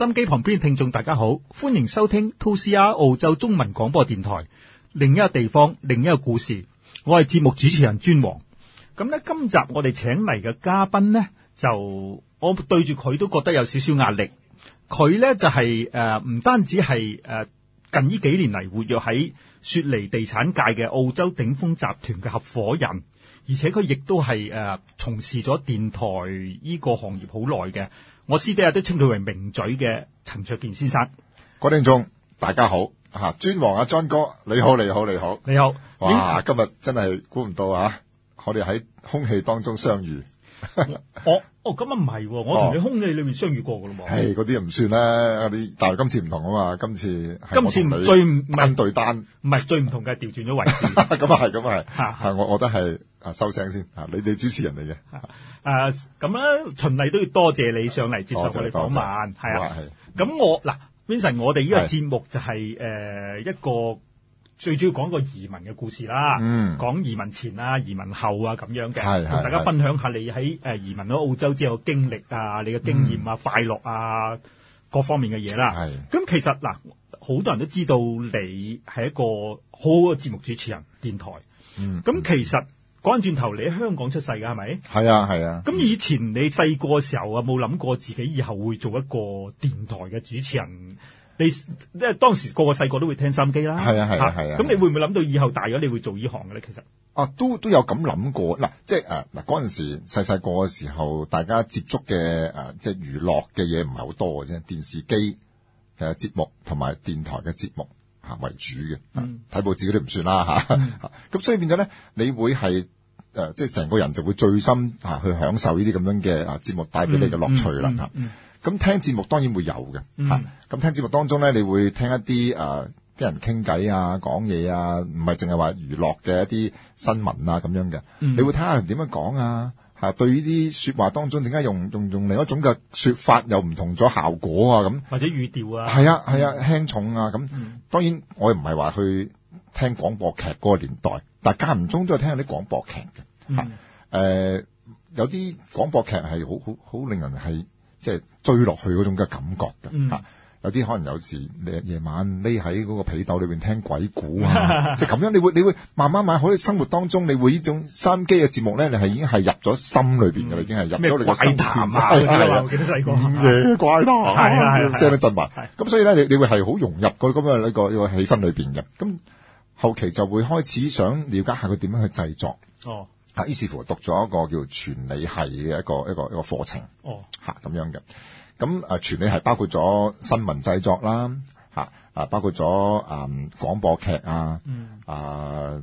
收音機旁邊聽眾大家好，歡迎收聽 2CR 澳洲中文廣播電台，另一個地方，另一個故事。我係節目主持人尊王。咁呢，今集我哋請嚟嘅嘉賓呢，就我對住佢都覺得有少少壓力。佢呢，就係、是、誒，唔、呃、單止係誒、呃、近呢幾年嚟活躍喺雪梨地產界嘅澳洲鼎豐集團嘅合夥人，而且佢亦都係誒從事咗電台呢個行業好耐嘅。我師弟啊，都稱佢為名嘴嘅陳焯健先生。各位聽眾，大家好，吓尊王阿、啊、尊哥，你好，你好，你好，你好。哇，今日真係估唔到啊！我哋喺空氣當中相遇。我。 咁啊唔係喎，我同你空氣裏面相遇過嘅咯喎，係嗰啲又唔算咧，啲但係今次唔同啊嘛，今次今次最唔係對單，唔係最唔同嘅調轉咗位置，咁啊係，咁啊係，嚇，我我覺得啊收聲先，嚇，你哋主持人嚟嘅。誒咁咧，循例都要多謝你上嚟接受我哋訪問，係啊，咁我嗱 Vincent，我哋呢個節目就係誒一個。最主要講一個移民嘅故事啦、嗯，講移民前啊、移民後啊咁樣嘅，同大家分享下你喺誒移民咗澳洲之後嘅經歷啊、你嘅經驗啊、嗯、快樂啊各方面嘅嘢啦。咁其實嗱，好多人都知道你係一個好好嘅節目主持人，電台。咁、嗯、其實、嗯、講返轉頭，你喺香港出世㗎係咪？係啊，係啊。咁以前你細個嘅時候啊，冇、嗯、諗過自己以後會做一個電台嘅主持人。你即係當時個個細個都會聽收音機啦，係啊係啊係啊。咁、啊啊啊啊、你會唔會諗到以後大咗你會做行呢行嘅咧？其實啊，都都有咁諗過嗱，即係誒嗱嗰陣時細細個嘅時候，大家接觸嘅誒即係娛樂嘅嘢唔係好多嘅啫、啊，電視機誒節目同埋電台嘅節目嚇、啊、為主嘅，睇、啊嗯、報紙嗰啲唔算啦嚇。咁、啊嗯啊、所以變咗咧，你會係誒即係成個人就會醉心嚇去享受呢啲咁樣嘅誒節目帶俾你嘅樂趣啦嚇。嗯嗯嗯嗯。咁聽節目當然會有嘅吓。咁、嗯啊、聽節目當中咧，你會聽一啲誒，啲、呃、人傾偈啊，講嘢啊，唔係淨係話娛樂嘅一啲新聞啊，咁樣嘅、嗯。你會睇下人點樣講啊，吓、啊、對於啲說話當中點解用用用另一種嘅說法又唔同咗效果啊？咁或者語調啊，係啊係啊，輕、啊啊、重啊咁、嗯。當然我又唔係話去聽廣播劇嗰個年代，但係間唔中都有聽啲廣播劇嘅吓。誒、嗯啊呃，有啲廣播劇係好好好令人係。即係追落去嗰種嘅感覺嘅吓、嗯啊，有啲可能有時你夜晚匿喺嗰個被斗裏邊聽鬼故啊， 就咁樣你會你會慢慢慢喺生活當中你會呢種三機嘅節目咧，你係已經係入咗心裏邊噶啦，已經係入咗你嘅、啊、心。咩鬼談，我記得細個，怪咯係啊係啊，講得真話。咁、啊啊啊啊啊啊啊啊啊、所以咧，你你會係好融入佢咁樣呢個呢個氣氛裏邊嘅。咁後期就會開始想了解下佢點樣去製作。哦。於是乎，讀咗一個叫傳理系嘅一個一個一個課程，哦，吓咁樣嘅。咁誒，傳理系包括咗新聞製作啦，吓啊，包括咗誒、嗯、廣播劇、嗯、啊，啊，廣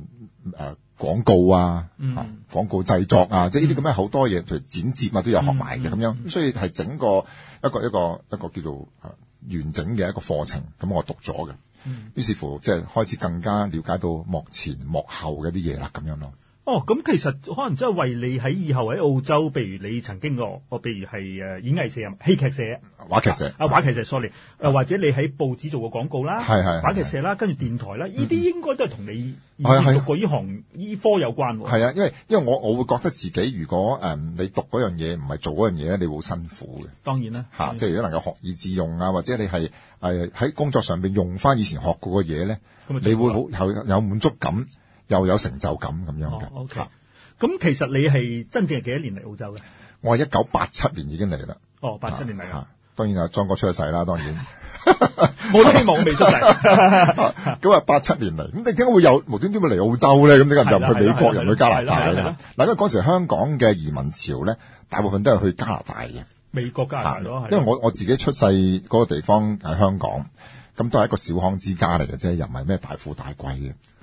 告啊，嗯，啊誒廣告啊，嗯，廣告製作啊，嗯、即係呢啲咁嘅好多嘢，譬如剪接啊，都有學埋嘅咁樣。所以係整個一個一個一個叫做完整嘅一個課程。咁我讀咗嘅，於、嗯、是乎即係開始更加了解到幕前幕後嘅啲嘢啦，咁樣咯。哦，咁其實可能真係為你喺以後喺澳洲，譬如你曾經個個，譬如係誒演藝社、戲劇社、話劇社啊，啊，話劇社 sorry，或者你喺報紙做過廣告啦，係係話劇社啦，跟住電台啦，呢啲應該都係同你以前讀過依行依科有關喎。係啊，因為因為我我會覺得自己如果誒、嗯、你讀嗰樣嘢唔係做嗰樣嘢咧，你會好辛苦嘅。當然啦，嚇，即係如果能夠學以致用啊，或者你係喺、呃、工作上邊用翻以前學過嘅嘢咧，你會好有有滿足感。又有成就感咁樣嘅、oh, okay.。O K，咁其實你係真正係幾多年嚟澳洲嘅？我係一九八七年已經嚟啦。哦、oh,，八七年嚟啦。當然啊，莊國出世啦，當然。冇 希望我未出世。咁啊，八七年嚟，咁點解會有無端端會嚟澳洲咧？咁你又入去美國，又去加拿大咧？嗱，因為嗰時香港嘅移民潮咧，大部分都係去加拿大嘅，美國加拿大咯。因為我我自己出世個地方喺香港。咁都係一個小康之家嚟嘅啫，又唔係咩大富大貴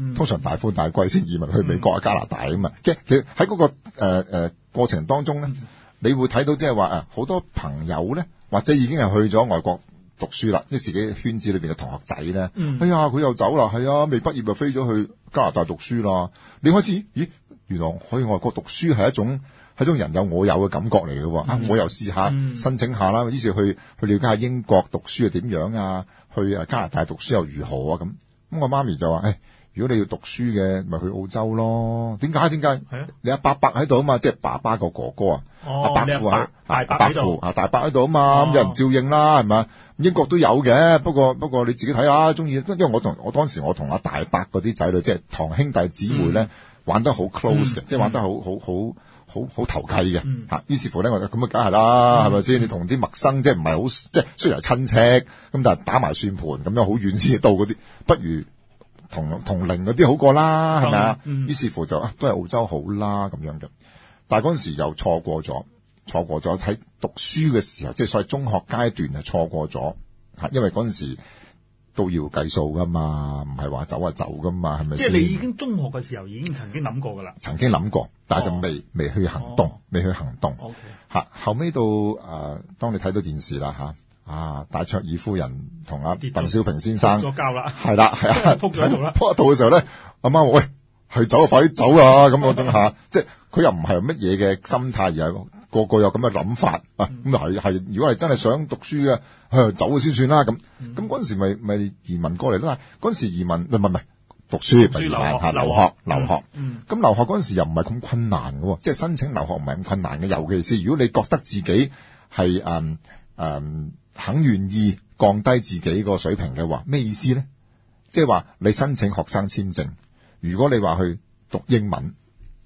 嘅。通常大富大貴先移民去美國啊、嗯、加拿大啊嘛。即係喺嗰個誒誒、呃呃、過程當中咧、嗯，你會睇到即係話啊，好多朋友咧，或者已經係去咗外國讀書啦，即係自己圈子裏面嘅同學仔咧、嗯。哎呀，佢又走啦，係啊，未畢業就飛咗去加拿大讀書啦。你開始咦，原來可以外國讀書係一種係一種人有我有嘅感覺嚟嘅。喎、嗯。我又試下申請下啦、嗯，於是去去了解下英國讀書係點樣啊？去啊加拿大讀書又如何啊咁？咁我媽咪就話：，誒、哎，如果你要讀書嘅，咪去澳洲咯。點解？點解、啊？你阿伯伯喺度啊嘛，即、就、係、是、爸爸個哥哥啊、哦，阿伯父啊，阿伯父啊，大伯喺度啊嘛，咁、哦、有人照應啦，係嘛。英國都有嘅，不過不過你自己睇下，中意。因為我，我同我當時我同阿大伯嗰啲仔女，即、就、係、是、堂兄弟姊妹咧、嗯，玩得好 close，即、嗯、係、就是、玩得好好、嗯、好。好好好投契嘅，嗯，於是乎咧，我就咁啊，梗係啦，係咪先？你同啲陌生即係唔係好，即係雖然係親戚，咁但係打埋算盤，咁樣好遠先到嗰啲，不如同同齡嗰啲好過啦，係咪啊？於是乎就、啊、都係澳洲好啦，咁樣嘅。但係嗰陣時又錯過咗，錯過咗喺讀書嘅時候，即係所謂中學階段，係錯過咗，因為嗰陣時。都要計數噶嘛，唔係話走啊走噶嘛，係咪先？即係你已經中學嘅時候已經曾經諗過噶啦，曾經諗過，但係就未未、哦、去行動，未、哦、去行動。O K，吓後尾到誒、呃，當你睇到電視啦吓，啊，戴卓爾夫人同阿鄧小平先生傾咗偈啦，係啦係啊，撲咗喺度啦，撲喺度嘅時候咧，阿媽喂，去走啊，快啲走啊，咁我等下，哦、即係佢又唔係乜嘢嘅心態而係。個個有咁嘅諗法、嗯、啊，咁係係，如果係真係想讀書嘅，去走先算啦。咁咁嗰陣時咪咪移民過嚟啦。嗰陣時移民咪咪讀書咪移下、留學留學。咁留學嗰陣時、嗯嗯、又唔係咁困難嘅，即、就、係、是、申請留學唔係咁困難嘅。尤其是如果你覺得自己係誒誒肯願意降低自己個水平嘅話，咩意思咧？即係話你申請學生簽證，如果你話去讀英文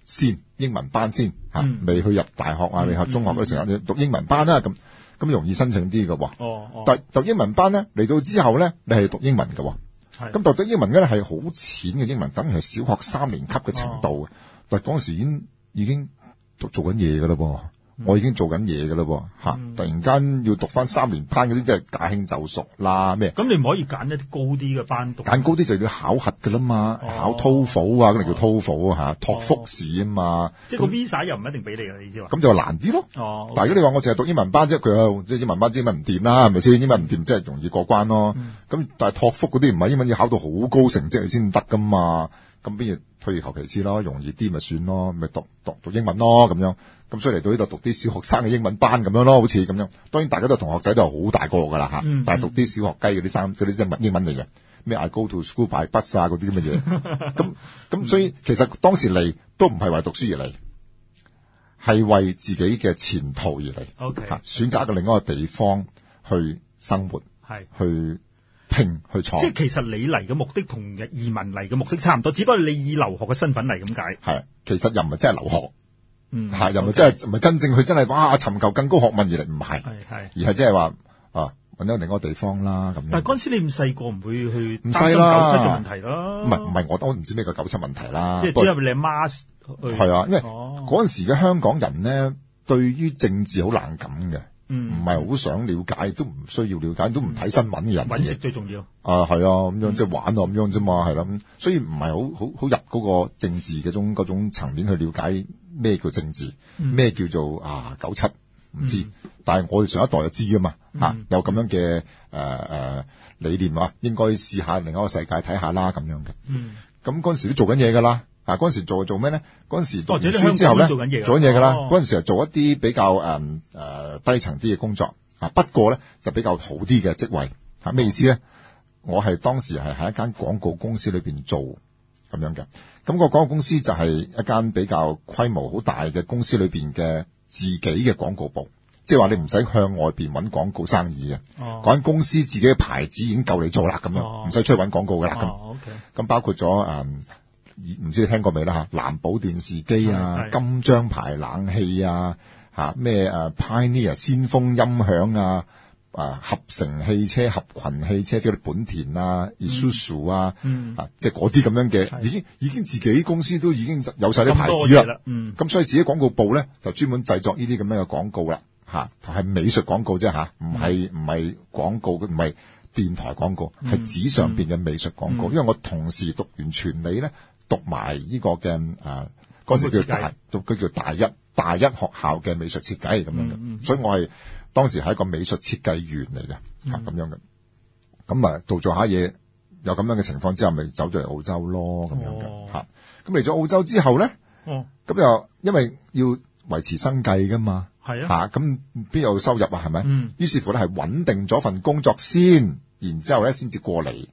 先。英文班先嚇，嗯，未去入大學啊。你入中學嗰啲時間，嗯嗯，讀英文班啦、啊。咁咁容易申請啲嘅喎，但讀英文班咧，嚟到之後咧，你係讀英文嘅喎。咁、哦，讀咗英文咧，係好淺嘅英文，等於係小學三年級嘅程度嘅、哦。但嗰陣時已經已經做做緊嘢嘅嘞噃。我已經做緊嘢㗎喇喎，突然間要讀返三年班嗰啲，即係駕輕就熟啦咩？咁你唔可以揀一啲高啲嘅班讀，揀高啲就要考核㗎啦、哦哦、嘛，考 TOEFL 啊，咁你叫 TOEFL 托福試啊嘛。即係個 visa 又唔一定俾你㗎，你知嘛？咁就難啲咯。哦。Okay、但係如果你話我淨係讀英文班啫，佢係英文班英文，英文唔掂啦，係咪先？英文唔掂即係容易過關咯。咁、嗯、但係托福嗰啲唔係英文要考到好高成績你先得㗎嘛。咁，不如退而求其次咯，容易啲咪算咯，咪讀讀讀,讀英文咯咁樣。咁所以嚟到呢度讀啲小學生嘅英文班咁樣咯，好似咁樣。當然，大家都同學仔都係好大個噶啦吓，但係讀啲小學雞嗰啲三嗰啲英文嚟嘅，咩 I go to school by bus 嗰啲咁嘅嘢。咁 咁，所以其實當時嚟都唔係為讀書而嚟，係為自己嘅前途而嚟。選、okay, K，選擇一個另外嘅地方去生活，係、okay, okay. 去。去坐，即係其實你嚟嘅目的同移民嚟嘅目的差唔多，只不過你以留學嘅身份嚟咁解。係，其實又唔係真係留學，嗯，係又唔係真係唔係真正去真係哇尋求更高學問而嚟，唔係，係係，而係即係話啊，搵到另一個地方啦咁，嗯。但係嗰陣時你咁細個，唔會去擔心九七嘅問題咯。唔係唔係，我都唔知咩叫九七問題啦。即係主要你阿媽係啊，因為嗰、哦、陣時嘅香港人咧，對於政治好冷感嘅。唔係好想了解，都唔需要了解，都唔睇新聞嘅人嘅。揾、嗯、食最重要。啊，係啊，咁樣即係、嗯就是、玩啊，咁樣啫嘛，係咯、啊。所以唔係好好好入嗰個政治嘅種嗰種層面去了解咩叫政治，咩、嗯、叫做啊九七唔知、嗯。但係我哋上一代就知㗎嘛，吓、嗯啊、有咁樣嘅誒誒理念啊，應該試下另一個世界睇下啦，咁樣嘅。咁、嗯、嗰、嗯、時都做緊嘢噶啦。嗱嗰陣時做做咩咧？嗰陣時讀完書之後咧、哦、做緊嘢嘅啦。嗰陣、哦、時係做一啲比較誒誒、嗯呃、低層啲嘅工作啊。不過咧就比較好啲嘅職位吓咩、啊、意思咧？我係當時係喺一間廣告公司裏邊做咁樣嘅。咁、個廣告公司就係一間比較規模好大嘅公司裏邊嘅自己嘅廣告部，即係話你唔使向外邊揾廣告生意嘅。哦、啊，間、嗰、公司自己嘅牌子已經夠你做啦，咁樣唔使、啊、出去揾廣告噶啦。咁、啊、咁、啊 okay. 咁包括咗誒。嗯唔知你聽過未啦吓？藍寶電視機啊，金章牌冷氣啊，吓咩誒？Pioneer 先鋒音響啊，啊，合成汽車、合群汽車，即係本田啊、Isuzu 啊、嗯，啊，即係嗰啲咁樣嘅，已經已經自己公司都已經有晒啲牌子啦。咁多嘢啦。咁、嗯、所以自己廣告部咧，就專門製作呢啲咁樣嘅廣告啦。吓、啊，係美術廣告啫吓，唔係唔係廣告，唔係電台廣告，係、嗯、紙上邊嘅美術廣告、嗯嗯。因為我同時讀完全理咧。讀埋呢個嘅誒，嗰、啊那個、時叫大，佢叫大一，大一學校嘅美術設計咁樣嘅、嗯嗯，所以我係當時係一個美術設計員嚟嘅，吓、嗯、咁樣嘅，咁啊做做下嘢，有咁樣嘅情況之後，咪走咗嚟澳洲咯，咁樣嘅吓，咁嚟咗澳洲之後咧，咁、哦、又因為要維持生計噶嘛，係啊吓，咁、啊、邊有收入啊，係咪？於、嗯、是乎咧，係穩定咗份工作先，然之後咧先至過嚟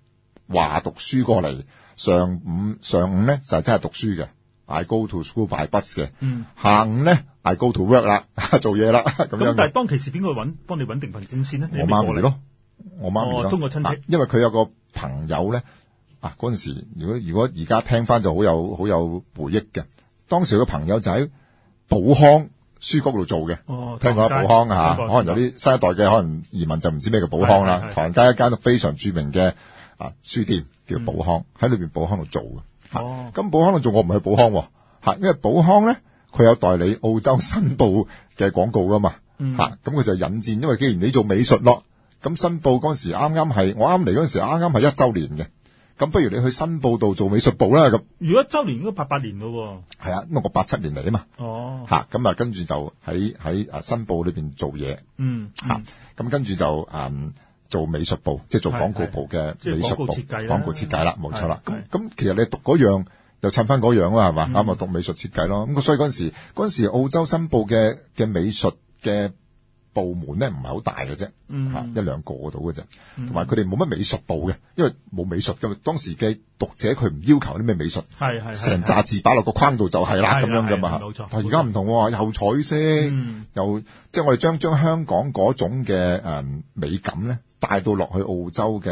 話讀書過嚟。嗯上午上午咧就真係讀書嘅，I go to school by bus 嘅，嗯。下午咧，I go to work 啦，做嘢啦。咁但係當其時邊個搵幫你搵定份工先咧？我媽咪咯，我媽咪咯。通過親戚、啊，因為佢有個朋友咧。啊，嗰陣時如果如果而家聽翻就好有好有回憶嘅。當時佢朋友就喺寶康書局度做嘅。哦，聽講喺寶康吓，可能有啲新一代嘅，可能移民就唔知咩叫寶康啦。唐人街一間都非常著名嘅啊書店。叫寶康喺裏邊寶康度做嘅，吓，咁寶康度做我唔係去寶康，吓、嗯哦啊啊啊，因為寶康咧佢有代理澳洲新報嘅廣告噶嘛，吓，咁佢就引薦，因為既然你做美術咯，咁新報嗰陣時啱啱係我啱嚟嗰陣時啱啱係一周年嘅，咁不如你去新報度做美術部啦咁。如果一周年應該八八年咯，啊，係啊，因為我八七年嚟啊嘛，吓、哦，咁啊，那啊跟住就喺喺啊新報裏邊做嘢，嗯吓，咁跟住就嗯。啊做美術部，即係做廣告部嘅美術部，廣告設計啦，冇錯啦。咁咁，其實你讀嗰樣又襯翻嗰樣啊，係嘛？啱啊，讀美術設計咯。咁所以嗰陣時，嗰陣時澳洲新報嘅嘅美術嘅部門咧，唔係好大嘅啫，吓、嗯啊、一兩個度嘅啫。同埋佢哋冇乜美術部嘅，因為冇美術當當時嘅讀者佢唔要求啲咩美術，係係成揸字擺落個框度就係啦咁樣噶嘛。冇錯。但而家唔同，又彩色，嗯、又即係我哋將將香港嗰種嘅誒、嗯、美感咧。帶到落去澳洲嘅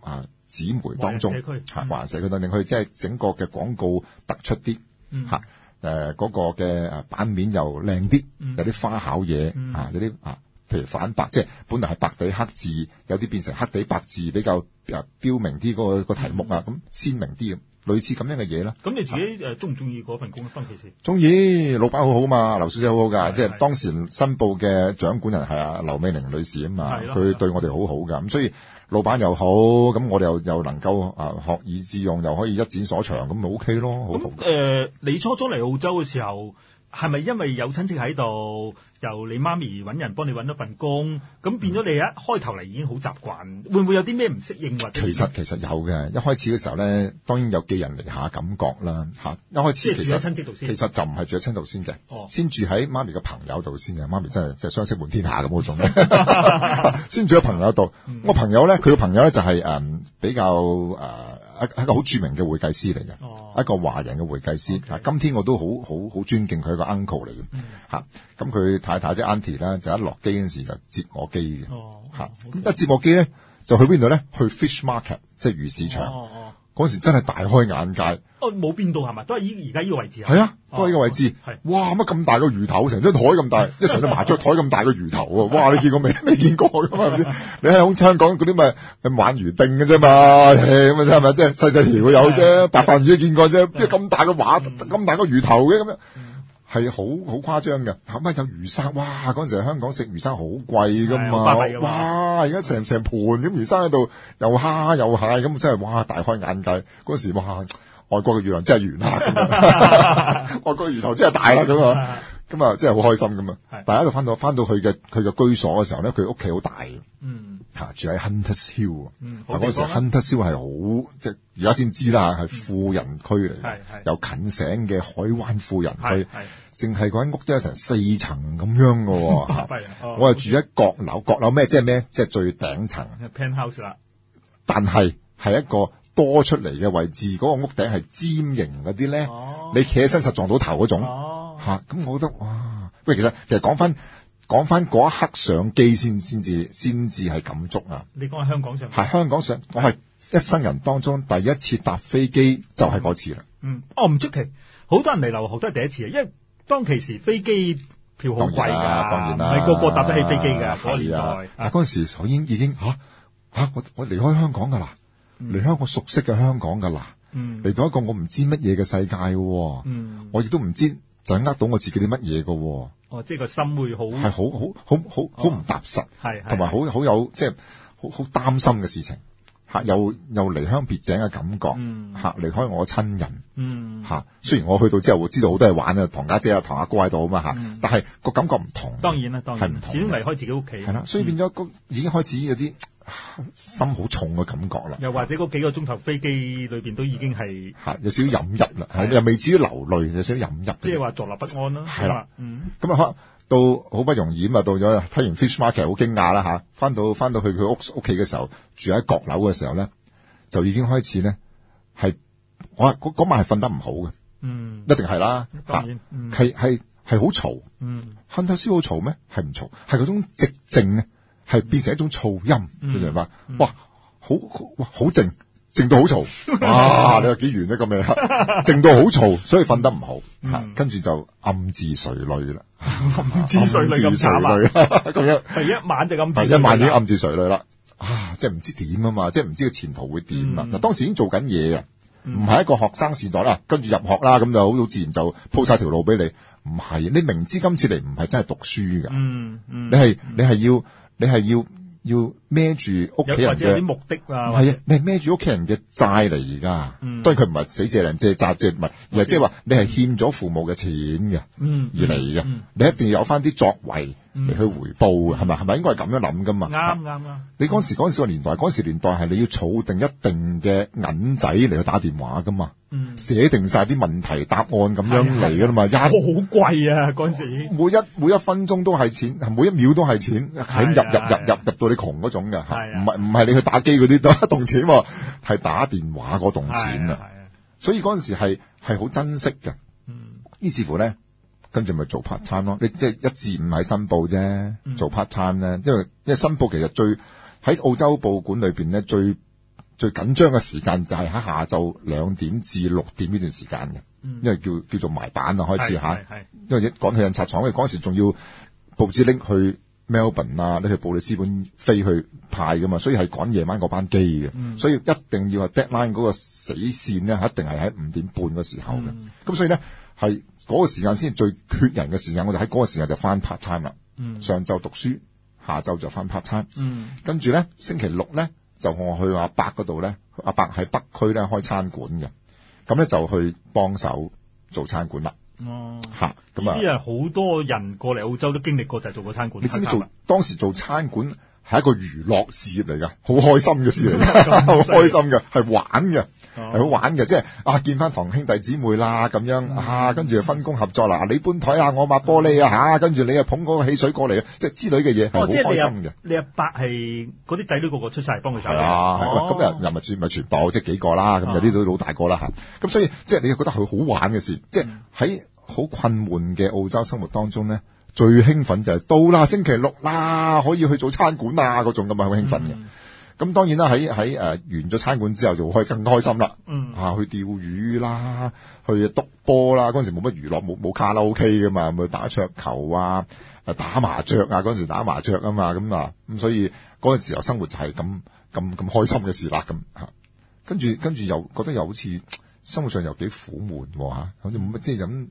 啊紙媒當中，還社佢，定令佢即係整個嘅廣告突出啲，嗰、嗯啊呃那個嘅版面又靚啲、嗯，有啲花巧嘢、嗯、啊，啲啊，譬如反白，即係本來係白底黑字，有啲變成黑底白字，比較標明啲嗰、那個、那個題目啊，咁、嗯、鮮明啲。類似咁樣嘅嘢啦，咁你自己誒中唔中意嗰份工咧？分歧先，中意，老闆好好嘛，劉小姐好好㗎，即係、就是、當時新報嘅掌管人係啊劉美玲女士啊嘛，佢對我哋好好㗎。咁所以，所以老闆又好，咁我哋又又能夠啊學以致用，又可以一展所長，咁咪 OK 咯，好。咁誒、呃，你初初嚟澳洲嘅時候，係咪因為有親戚喺度？由你媽咪揾人幫你揾咗份工，咁變咗你一開頭嚟已經好習慣，會唔會有啲咩唔適應或者？其實其實有嘅，一開始嘅時候咧，當然有寄人籬下感覺啦，吓，一開始其實親戚度先其實就唔係住喺親度先嘅，oh. 先住喺媽咪嘅朋友度先嘅，媽咪真係就係相識滿天下咁嗰種， 先住喺朋友度， 我朋友咧佢嘅朋友咧就係、是、誒、呃、比較誒。呃是一係個好著名嘅會計師嚟嘅，哦，一個華人嘅會計師，okay. 嗯。啊，今天我都好好好尊敬佢係個 uncle 嚟嘅，吓，咁佢太太即係 auntie 啦，就一落機陣時就接我機嘅，吓，哦，咁，okay. 啊，一接我機咧，就去邊度咧？去 fish market，即係魚市場。哦哦嗰時真係大開眼界，哦冇變到係咪？都係依而家依個位置啊，係啊，都係依個位置。係、啊哦、哇乜咁大個魚頭，成張台咁大，一成隻麻雀台咁大個魚頭喎。哇、嗯、你見過未？未、嗯、見過㗎、嗯嗯嗯、嘛？唔知你喺空似香港嗰啲咪猛魚定嘅啫嘛？咁咪？真係咪即係細細條會有啫？白飯魚都見過啫，邊、嗯、有咁大個話咁大個魚頭嘅咁樣係好好誇張嘅，乜有魚生？哇！嗰陣時香港食魚生好貴噶嘛，嘛，哇！而家成成盤咁魚生喺度，又蝦又蟹，咁真係哇大開眼界。嗰陣時哇，外國嘅月亮真係圓啦， 外國魚頭真係大啦咁啊，咁啊 真係好開心噶嘛！大家就翻到翻到佢嘅佢嘅居所嘅時候咧，佢屋企好大、嗯住喺 Hunters Hill 啊、嗯！嗰陣時候 Hunters Hill 係好即係而家先知啦嚇，係富人區嚟、嗯，有近醒嘅海灣富人區，淨係嗰間屋都有成四層咁樣嘅喎。我又住喺閣樓，閣 樓咩？即係咩？即係最頂層。Penthouse 啦，但係係一個多出嚟嘅位置，嗰個屋頂係尖形嗰啲咧，你企起身實撞到頭嗰種咁、哦啊、我覺得哇，喂，其實其實講翻。講翻嗰一刻上機先，先至先至係感觸啊！你講下香港上係香港上，我係一生人當中第一次搭飛機，就係嗰次啦。嗯，哦唔出奇，好多人嚟留學都係第一次啊！因為當其時飛機票好貴噶，當然啦、啊，唔係、啊、個個搭得起飛機噶。係啊、嗰個年代、啊，啊，但嗰陣時我已經已經吓吓、啊、我我離開香港噶啦、嗯，離開我香港熟悉嘅香港噶啦，嚟、嗯、到一個我唔知乜嘢嘅世界、啊。嗯，我亦都唔知。掌握到我自己啲乜嘢？㗎哦，即係個心會好係好好好好好唔踏實，係同埋好好有即係好好擔心嘅事情，吓、嗯、又又離鄉別井嘅感覺，吓、嗯、離開我親人，嗯吓，雖然我去到之後會知道好多人玩啊，唐家姐啊，唐阿哥喺度啊嘛吓，但係個感覺唔同，當然啦，當然係唔同，已經離開自己屋企，係啦，所以變咗、嗯、已經開始有啲。心好重嘅感覺啦，又或者嗰幾個鐘頭飛機裏邊都已經係，有少少飲泣啦、啊，又未至於流淚，有少少飲泣，即係話坐立不安啦，係啦、啊，咁啊、嗯嗯、到好不容易到咗睇完 Fish Market 好驚訝啦吓，翻、啊、到翻到去佢屋屋企嘅時候，住喺閣樓嘅時候咧，就已經開始咧係我嗰晚係瞓得唔好嘅，嗯，一定係啦，當然係係係好嘈，嗯，漢透好嘈咩？係唔嘈，係嗰、嗯、種寂靜啊。係變成一種噪音，你明白？哇，好好靜靜到好嘈啊！你話幾遠呢？咁樣靜到好嘈，所以瞓得唔好，跟、嗯、住、啊、就暗自垂淚啦。暗自垂淚咁慘咁樣，第一晚就暗自第一晚已經暗自垂淚啦。啊，即係唔知點啊嘛，即係唔知個前途會點啊。嗱、嗯，當時已經做緊嘢啦，唔係一個學生時代啦、嗯。跟住入學啦，咁就好自然就鋪晒條路俾你。唔係，你明知今次嚟唔係真係讀書噶、嗯嗯，你係你係要。你係要要孭住屋企人嘅目的啊，係啊，你係孭住屋企人嘅債嚟而家，當然佢唔係死借糧借債，借唔係係即係話你係欠咗父母嘅錢嘅，嗯，而嚟嘅、嗯嗯，你一定要有返啲作為。.你、嗯、去回報嘅係咪？係、嗯、咪應該係咁樣諗噶嘛？啱啱啊？你嗰時嗰時，個年代，嗰時年代係你要儲定一定嘅銀仔嚟去打電話噶嘛？寫、嗯、定晒啲問題答案咁樣嚟噶啦嘛？好貴啊！嗰、啊、時，每一每一分鐘都係錢，每一秒都係錢，係入入入入入到你窮嗰種嘅，唔係唔係你去打機嗰啲都一棟錢，係 打電話嗰棟錢的啊，啊！所以嗰陣時係係好珍惜嘅。於、嗯、是乎咧。跟住咪做 part time 咯，你即係一至五喺新報啫、嗯，做 part time 咧，因為因為新報其實最喺澳洲報館裏邊咧最最緊張嘅時間就係喺下晝兩點至六點呢段時間嘅、嗯，因為叫叫做埋板啊開始吓，因為趕去印刷廠，嗰時仲要報紙拎去 Melbourne 啊，拎去布里斯本飛去派噶嘛，所以係趕夜晚嗰班機嘅、嗯，所以一定要係 deadline 嗰個死線咧，一定係喺五點半嘅時候嘅，咁、嗯嗯、所以咧係。嗰、那個時間先最缺人嘅時間，我就喺嗰個時間就返 part time 啦、嗯。上晝讀書，下晝就返 part time、嗯。跟住咧，星期六咧就我去阿伯嗰度咧，阿伯喺北區咧開餐館嘅，咁咧就去幫手做餐館啦。嚇、哦！咁啲好多人過嚟澳洲都經歷過，就係做過餐館。你知唔知做當時做餐館？係一個娛樂事業嚟噶好開心嘅事嚟，好 開心嘅，係玩嘅，係、哦、好玩嘅，即係啊，見翻堂兄弟姊妹啦，咁樣、嗯、啊，跟住就分工合作啦、啊，你搬台啊，我抹玻璃啊，吓、嗯，跟、啊、住你又捧嗰個汽水過嚟，即係之類嘅嘢，係、哦、好開心嘅、哦。你阿伯係嗰啲仔女個個出晒嚟幫佢手。係啊，咁、哦、啊，又咪全部，即係、哦就是、幾個啦，咁呢啲都老大個啦吓。咁所以即係你又覺得佢好玩嘅事，即係喺好困悶嘅澳洲生活當中咧。最興奮就係到啦，星期六啦，可以去做餐館啦嗰種咁啊，好興奮嘅。咁、嗯、當然啦，喺喺誒完咗餐館之後，就會開更開心啦。嗯，啊去釣魚啦，去篤波啦。嗰陣時冇乜娛樂，冇冇卡拉 OK 嘅嘛，咪打桌球啊，誒、啊、打麻雀啊。嗰陣時候打麻雀啊嘛，咁啊咁，咁所以嗰陣時候生活就係咁咁咁開心嘅事啦咁嚇、啊。跟住跟住又覺得又好似生活上又幾苦悶嚇、啊，好似冇乜即係飲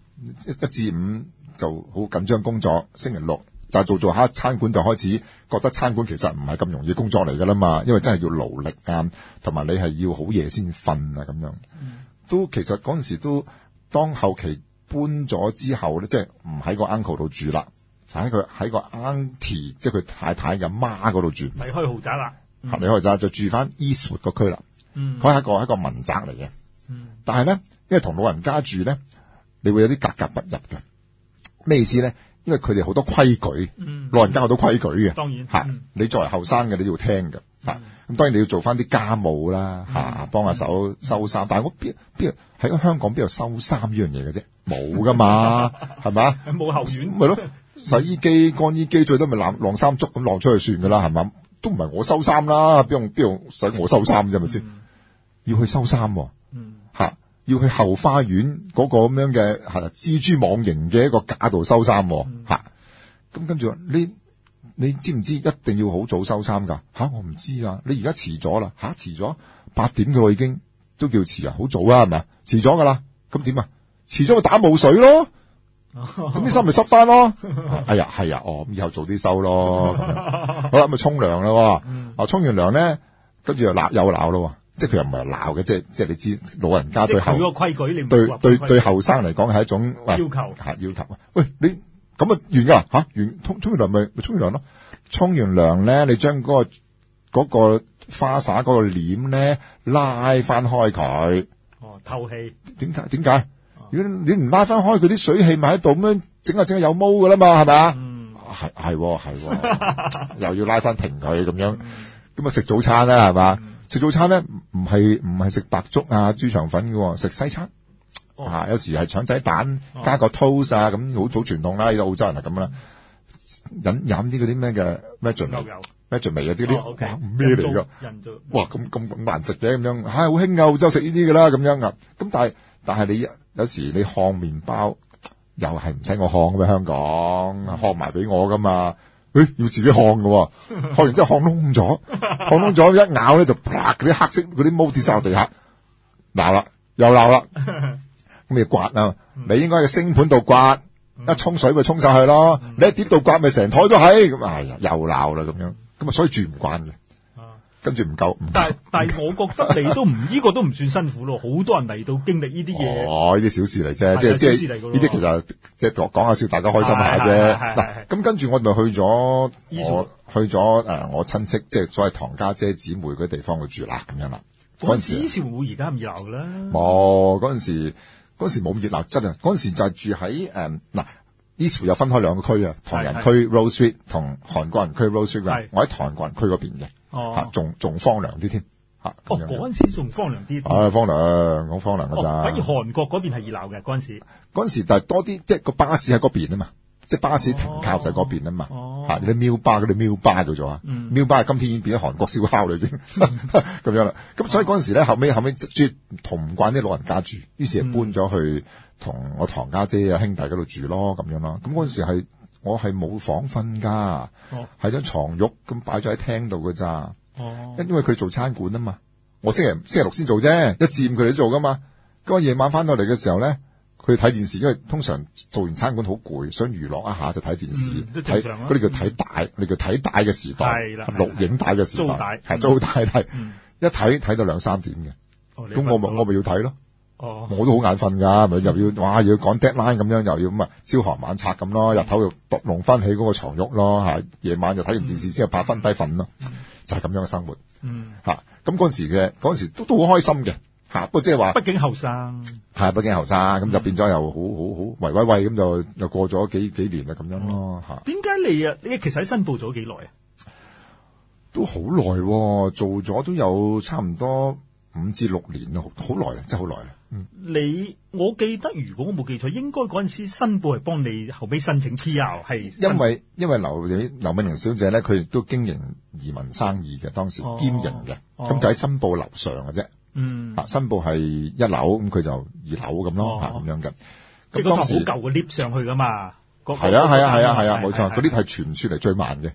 一至五。就好緊張工作。星期六就做做下餐館，就開始覺得餐館其實唔係咁容易工作嚟噶啦嘛。因為真係要勞力啊，同埋你係要好夜先瞓啊，咁樣、嗯、都其實嗰陣時都當後期搬咗之後咧，即係唔喺個 uncle 度住啦，就喺佢喺個 aunty 即係佢太太嘅媽嗰度住，咪開豪宅啦，隔籬開豪宅就住翻 Eastwood 個區啦。佢、嗯、係一個一個民宅嚟嘅、嗯，但係咧，因為同老人家住咧，你會有啲格格不入嘅。咩意思咧？因為佢哋好多規矩、嗯，老人家好多規矩嘅。當然，吓、嗯、你作為後生嘅你要聽嘅，吓咁當然你要做翻啲家務啦，吓幫下手收衫。嗯、但係我邊邊喺香港邊度收衫呢樣嘢嘅啫？冇噶嘛，係 嘛？冇後院咪咯？洗衣機、乾衣機最多咪晾晾衫竹咁晾出去算噶啦，係咪？都唔係我收衫啦，邊用邊用使我收衫啫？咪、嗯、先要去收衫、啊。要去後花園嗰個咁樣嘅係蜘蛛網型嘅一個架度收衫、啊，吓、嗯、咁、啊、跟住話你你知唔知一定要好早收衫噶吓？我唔知啊！你而家遲咗啦吓？遲咗八點佢已經都叫遲啊，好早啊係咪啊？遲咗噶啦，咁點啊？遲咗就打霧水咯，咁啲衫咪濕翻咯。啊、 哎呀係啊，哦咁以後早啲收咯。 好啦，咪沖涼咯。喎。沖完涼咧，跟住就辣又鬧咯。即係佢又唔係鬧嘅即係即係你知老人家對後個規矩，你對對對後生嚟講係一種要求、哎，要求啊！喂，你咁啊完啦吓完沖沖完涼咪沖完涼咯，沖完涼咧你將嗰、嗰個嗰、嗰個花灑嗰個簾咧拉翻開佢哦，透氣點解點解？如果你唔拉翻開佢啲水氣咪喺度咁樣整下整下有毛噶啦嘛，係咪啊？嗯，係系系，哦哦、 又要拉翻停佢咁樣咁啊食早餐啦，係嘛？嗯食早餐咧，唔係唔係食白粥啊、豬腸粉嘅、啊，食西餐、oh. 啊，有時係腸仔蛋加個 toast 啊，咁好早傳統啦，澳洲人係咁啦。飲飲啲嗰啲咩嘅咩醬，咩醬味啊，啲啲咩嚟嘅，哇咁咁咁難食嘅咁樣，吓好興啊，澳洲食呢啲嘅啦咁樣噶、啊。咁、oh, okay. 啊嗯啊啊啊、但係但係你有時你烘麵包，又係唔使我烘嘅，香港烘埋俾我噶嘛。Mm. 啊誒、哎，要自己焊嘅，焊完之後焊窿咗，焊窿咗一咬咧就啪，嗰啲黑色嗰啲毛跌晒落地下，鬧啦，又鬧啦，咁你刮啦， 你應該喺星盤度刮， 一沖水咪沖晒去咯， 你喺碟度刮咪成台都係，咁啊、哎，又鬧啦咁樣，咁啊所以住唔慣嘅。跟住唔夠，但係但係， 我覺得你都唔呢、呢個都唔算辛苦咯。好多人嚟到經歷呢啲嘢，哦，呢啲小事嚟啫，即係即係，啲其實即係講下笑，啊、說說說大家開心下啫。嗱，咁、呃嗯嗯、跟住我哋咪去咗，去咗誒、呃、我親戚，即係所謂唐家姐姊妹嗰地方去住啦，咁樣啦。嗰陣時而家唔熱鬧啦。冇嗰陣時，冇、那、咁、個、熱鬧，真啊！嗰、那、陣、個、時就住喺誒嗱 Eastwood 又分開兩個區啊，唐人區 Rose Street 同韓國人區 Rosewood，我喺唐國人區嗰邊嘅。哦，仲仲荒涼啲添，哦嗰陣時仲荒涼啲，啊荒涼，好荒涼㗎咋，哦，反而韓國嗰邊係熱鬧嘅嗰陣時，嗰陣時但多啲即係個巴士喺嗰邊啊嘛，即巴士停靠就係嗰邊啊嘛，嚇嗰啲喵巴嗰啲喵巴到做啊，喵巴係今天已經變咗韓國燒烤嚟嘅咁樣啦，咁所以嗰時咧後尾，後尾就同唔慣啲老人家住，於是係搬咗去同、嗯、我堂家姐啊兄弟度住咯咁樣咯，咁嗰時係。我係冇房瞓噶，係、oh. 張床褥咁擺咗喺廳度噶咋，oh. 因為佢做餐館啊嘛，我星期星期六先做啫，一占佢哋都做噶嘛。咁我夜晚翻到嚟嘅時候咧，佢睇電視，因為通常做完餐館好攰，想娛樂一下就睇電視，睇嗰啲叫睇帶」嗯，你叫睇帶」嘅時代，錄影帶嘅時代，租帶係。租，租、嗯、一睇睇到兩三點嘅，咁、哦、我咪我咪要睇咯。哦、我都好眼瞓噶，咪又要哇，又要趕 deadline 咁樣，又要咁啊，朝寒晚拆咁咯，日頭又踱龍翻起嗰個床褥咯，吓夜晚又睇完電視之後拍翻低瞓咯、嗯嗯嗯，就係、是、咁樣嘅生活。吓咁嗰陣時嘅嗰陣時都都好開心嘅，吓、啊、不過即係話，畢竟後生係，畢竟後生咁就變咗又好好好喂喂喂咁就又過咗幾幾年啦咁樣咯吓。點、嗯、解你啊？你其實喺申報咗幾耐啊？都好耐，做咗都有差唔多五至六年咯，好耐啊，真係好耐。你我記得如果我冇記錯，應該嗰陣時新報係幫你後屘申請 PR，係因為因為劉劉敏玲小姐咧，佢亦都經營移民生意嘅，當時兼營嘅，咁就喺新報樓上嘅啫。嗯，新報係一樓，咁佢就二樓咁咯，吓咁樣嘅。咁當時好舊嘅 lift 上去噶嘛？係啊係啊係啊係啊，冇錯，嗰 lift 係傳輸嚟最慢嘅。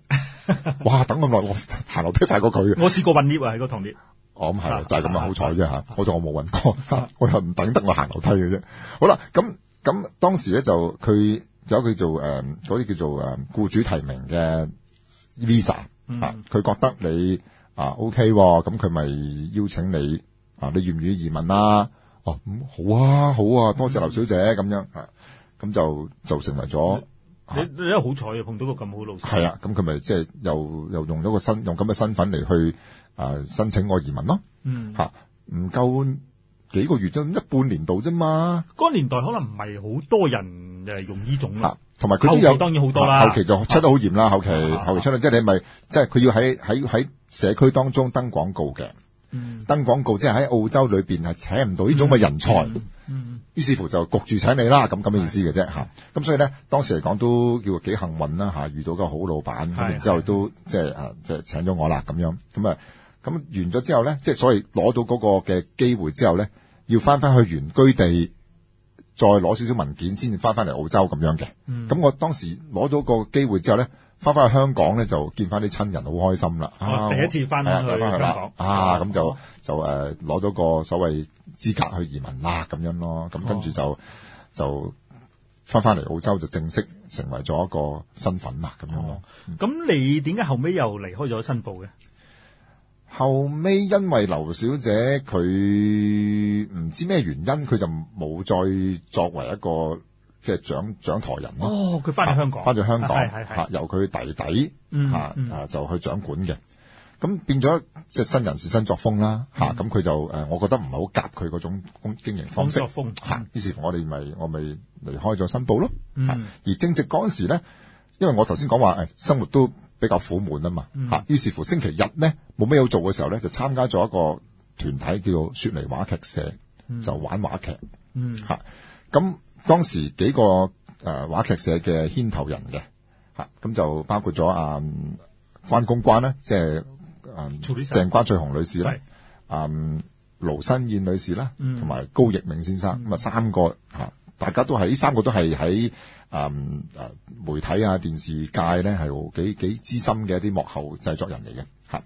哇，等咁耐，我行樓梯快過佢嘅。我試過運 lift 啊，喺個我咁係，就係、是、咁啊！好彩啫嚇，好在我冇搵過，我又唔等得我行樓梯嘅啫。好啦，咁咁當時咧就佢有佢做誒嗰啲叫做誒雇、呃那個、主提名嘅 visa、嗯、啊，佢覺得你啊 OK 咁、哦，佢咪邀請你啊，你願唔願意移民啦、啊？哦、啊，咁好啊，好啊，多謝劉小姐咁、嗯、樣啊，咁就就成為咗你你好彩啊，啊碰到個咁好嘅老細。係啊，咁佢咪即係又又用咗個身用咁嘅身份嚟去。啊！申請我移民咯、啊，吓唔夠幾個月啫，一半年度啫嘛、啊。嗰個年代可能唔係好多人誒用呢種、啊啊、啦，同埋佢都有當然好多啦。後期就出得好嚴啦，後期、啊啊、後期出啦，即、就、係、是、你咪即係佢要喺喺喺社區當中登廣告嘅、嗯，登廣告即係喺澳洲裏邊係請唔到呢種嘅人才，於、嗯嗯嗯、是乎就焗住請你啦，咁咁嘅意思嘅啫吓。咁、啊、所以咧，當時嚟講都叫幾幸運啦吓，遇到個好老闆，然後之後都即係、啊、請即係請咗我啦咁樣，咁啊。咁完咗之後咧，即係所謂攞到嗰個嘅機會之後咧，要翻翻去原居地，再攞少少文件先，翻翻嚟澳洲咁樣嘅。咁、嗯、我當時攞到個機會之後咧，翻翻去香港咧就見翻啲親人，好開心啦、哦啊！第一次翻、啊、去香港啊，咁就、哦、就誒攞、呃、到個所謂資格去移民啦，咁樣咯。咁跟住就、哦、就翻翻嚟澳洲就正式成為咗一個身份啦，咁樣咯。咁、哦嗯、你點解後尾又離開咗新部嘅？後尾因為劉小姐佢唔知咩原因，佢就冇再作為一個即係掌掌舵人咯。哦，佢翻咗香港，翻、啊、咗香港，啊、由佢弟弟吓、嗯啊、就去掌管嘅。咁變咗即係新人事新作風啦。吓咁佢就誒，我覺得唔係好夾佢嗰種經營方式。吓，於是乎我哋咪我咪離開咗新報咯。嗯、而正值嗰陣時咧，因為我頭先講話誒，生活都。比較苦悶啊嘛，嚇、嗯啊！於是乎星期日咧冇咩嘢做嘅時候咧，就參加咗一個團體叫做雪梨話劇社，嗯、就玩話劇，嚇、嗯！咁、啊、當時幾個誒、呃、話劇社嘅牽頭人嘅嚇，咁、啊、就包括咗啊、嗯、關公關咧，即係啊、就是呃、鄭關翠紅女士啦、嗯嗯，啊盧新燕女士啦，同、嗯、埋高奕明先生，咁、嗯、啊、嗯、三個嚇、啊，大家都係呢三個都係喺。誒、嗯、媒體啊，電視界咧係幾幾資深嘅一啲幕後製作人嚟嘅吓，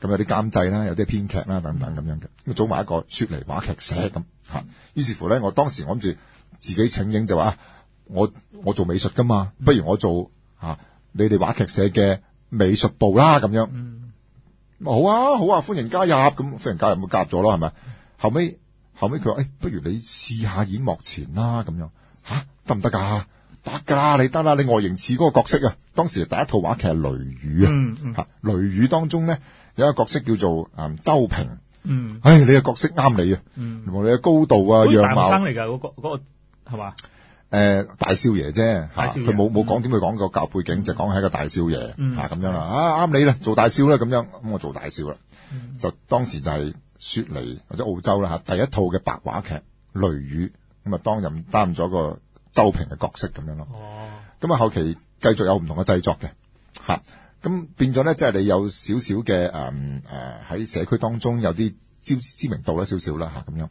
咁有啲監製啦，有啲編劇啦等等咁樣嘅，咁組埋一個雪梨話劇社咁吓。於是，是乎咧，我當時我諗住自己請纓就話我我做美術噶嘛、嗯，不如我做、啊、你哋話劇社嘅美術部啦咁樣、嗯。好啊，好啊，歡迎加入，咁歡迎加入咪加入咗咯，係咪？後尾，後尾佢話誒，不如你試下演幕前啦，咁樣吓得唔得噶？啊行得噶啦，你得啦，你外形似嗰個角色啊。當時第一套話劇係、嗯嗯《雷雨》啊，吓《雷雨》當中咧有一個角色叫做啊、嗯、周平。嗯，唉、哎，你嘅角色啱你啊。嗯、你無嘅高度啊樣貌。大生嚟噶嗰個、那個係嘛？誒、呃，大少爺啫，吓佢冇冇講點佢講個教背景，就講係一個大少爺吓咁樣啦。啊，啱你啦，做大少啦咁樣，咁、嗯、我做大少啦、嗯。就當時就係雪梨或者澳洲啦吓、啊，第一套嘅白話劇《雷雨》嗯，咁、嗯、啊、嗯、當任擔咗個周平嘅角色咁樣咯，咁、哦、啊後期繼續有唔同嘅製作嘅，吓、啊、咁變咗咧，即、就、係、是、你有少少嘅誒誒喺社區當中有啲知知名度啦，少少啦吓咁樣，咁、啊、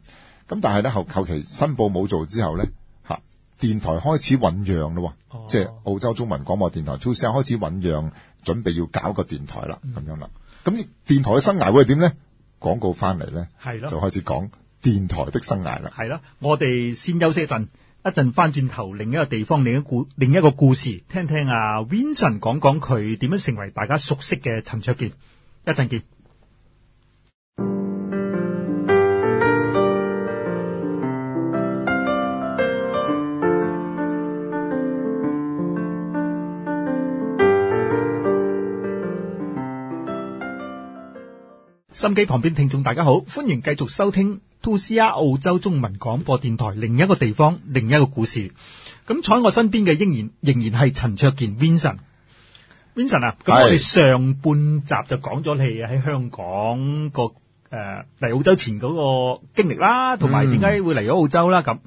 但係咧後後期新報冇做之後咧，吓、啊、電台開始醞釀咯，即係澳洲中文廣播電台 2CR 開始醞釀，準備要搞個電台啦，咁、嗯、樣啦，咁電台嘅生涯會係點咧？廣告翻嚟咧，係咯，就開始講電台的生涯啦。係啦，我哋先休息一陣。一陣翻轉頭，另一個地方，另一故，另一個故事，聽聽阿 Vincent 講講佢點樣成為大家熟悉嘅陳焯健。一陣見，心機旁邊聽眾大家好，歡迎繼續收聽。t v c 澳洲中文廣播電台，另一個地方，另一個故事。咁在我身邊嘅仍然仍然係陳卓健 Vincent，Vincent 啊。咁我哋上半集就講咗你喺香港個誒嚟澳洲前嗰個經歷啦，同埋點解會嚟咗澳洲啦。咁、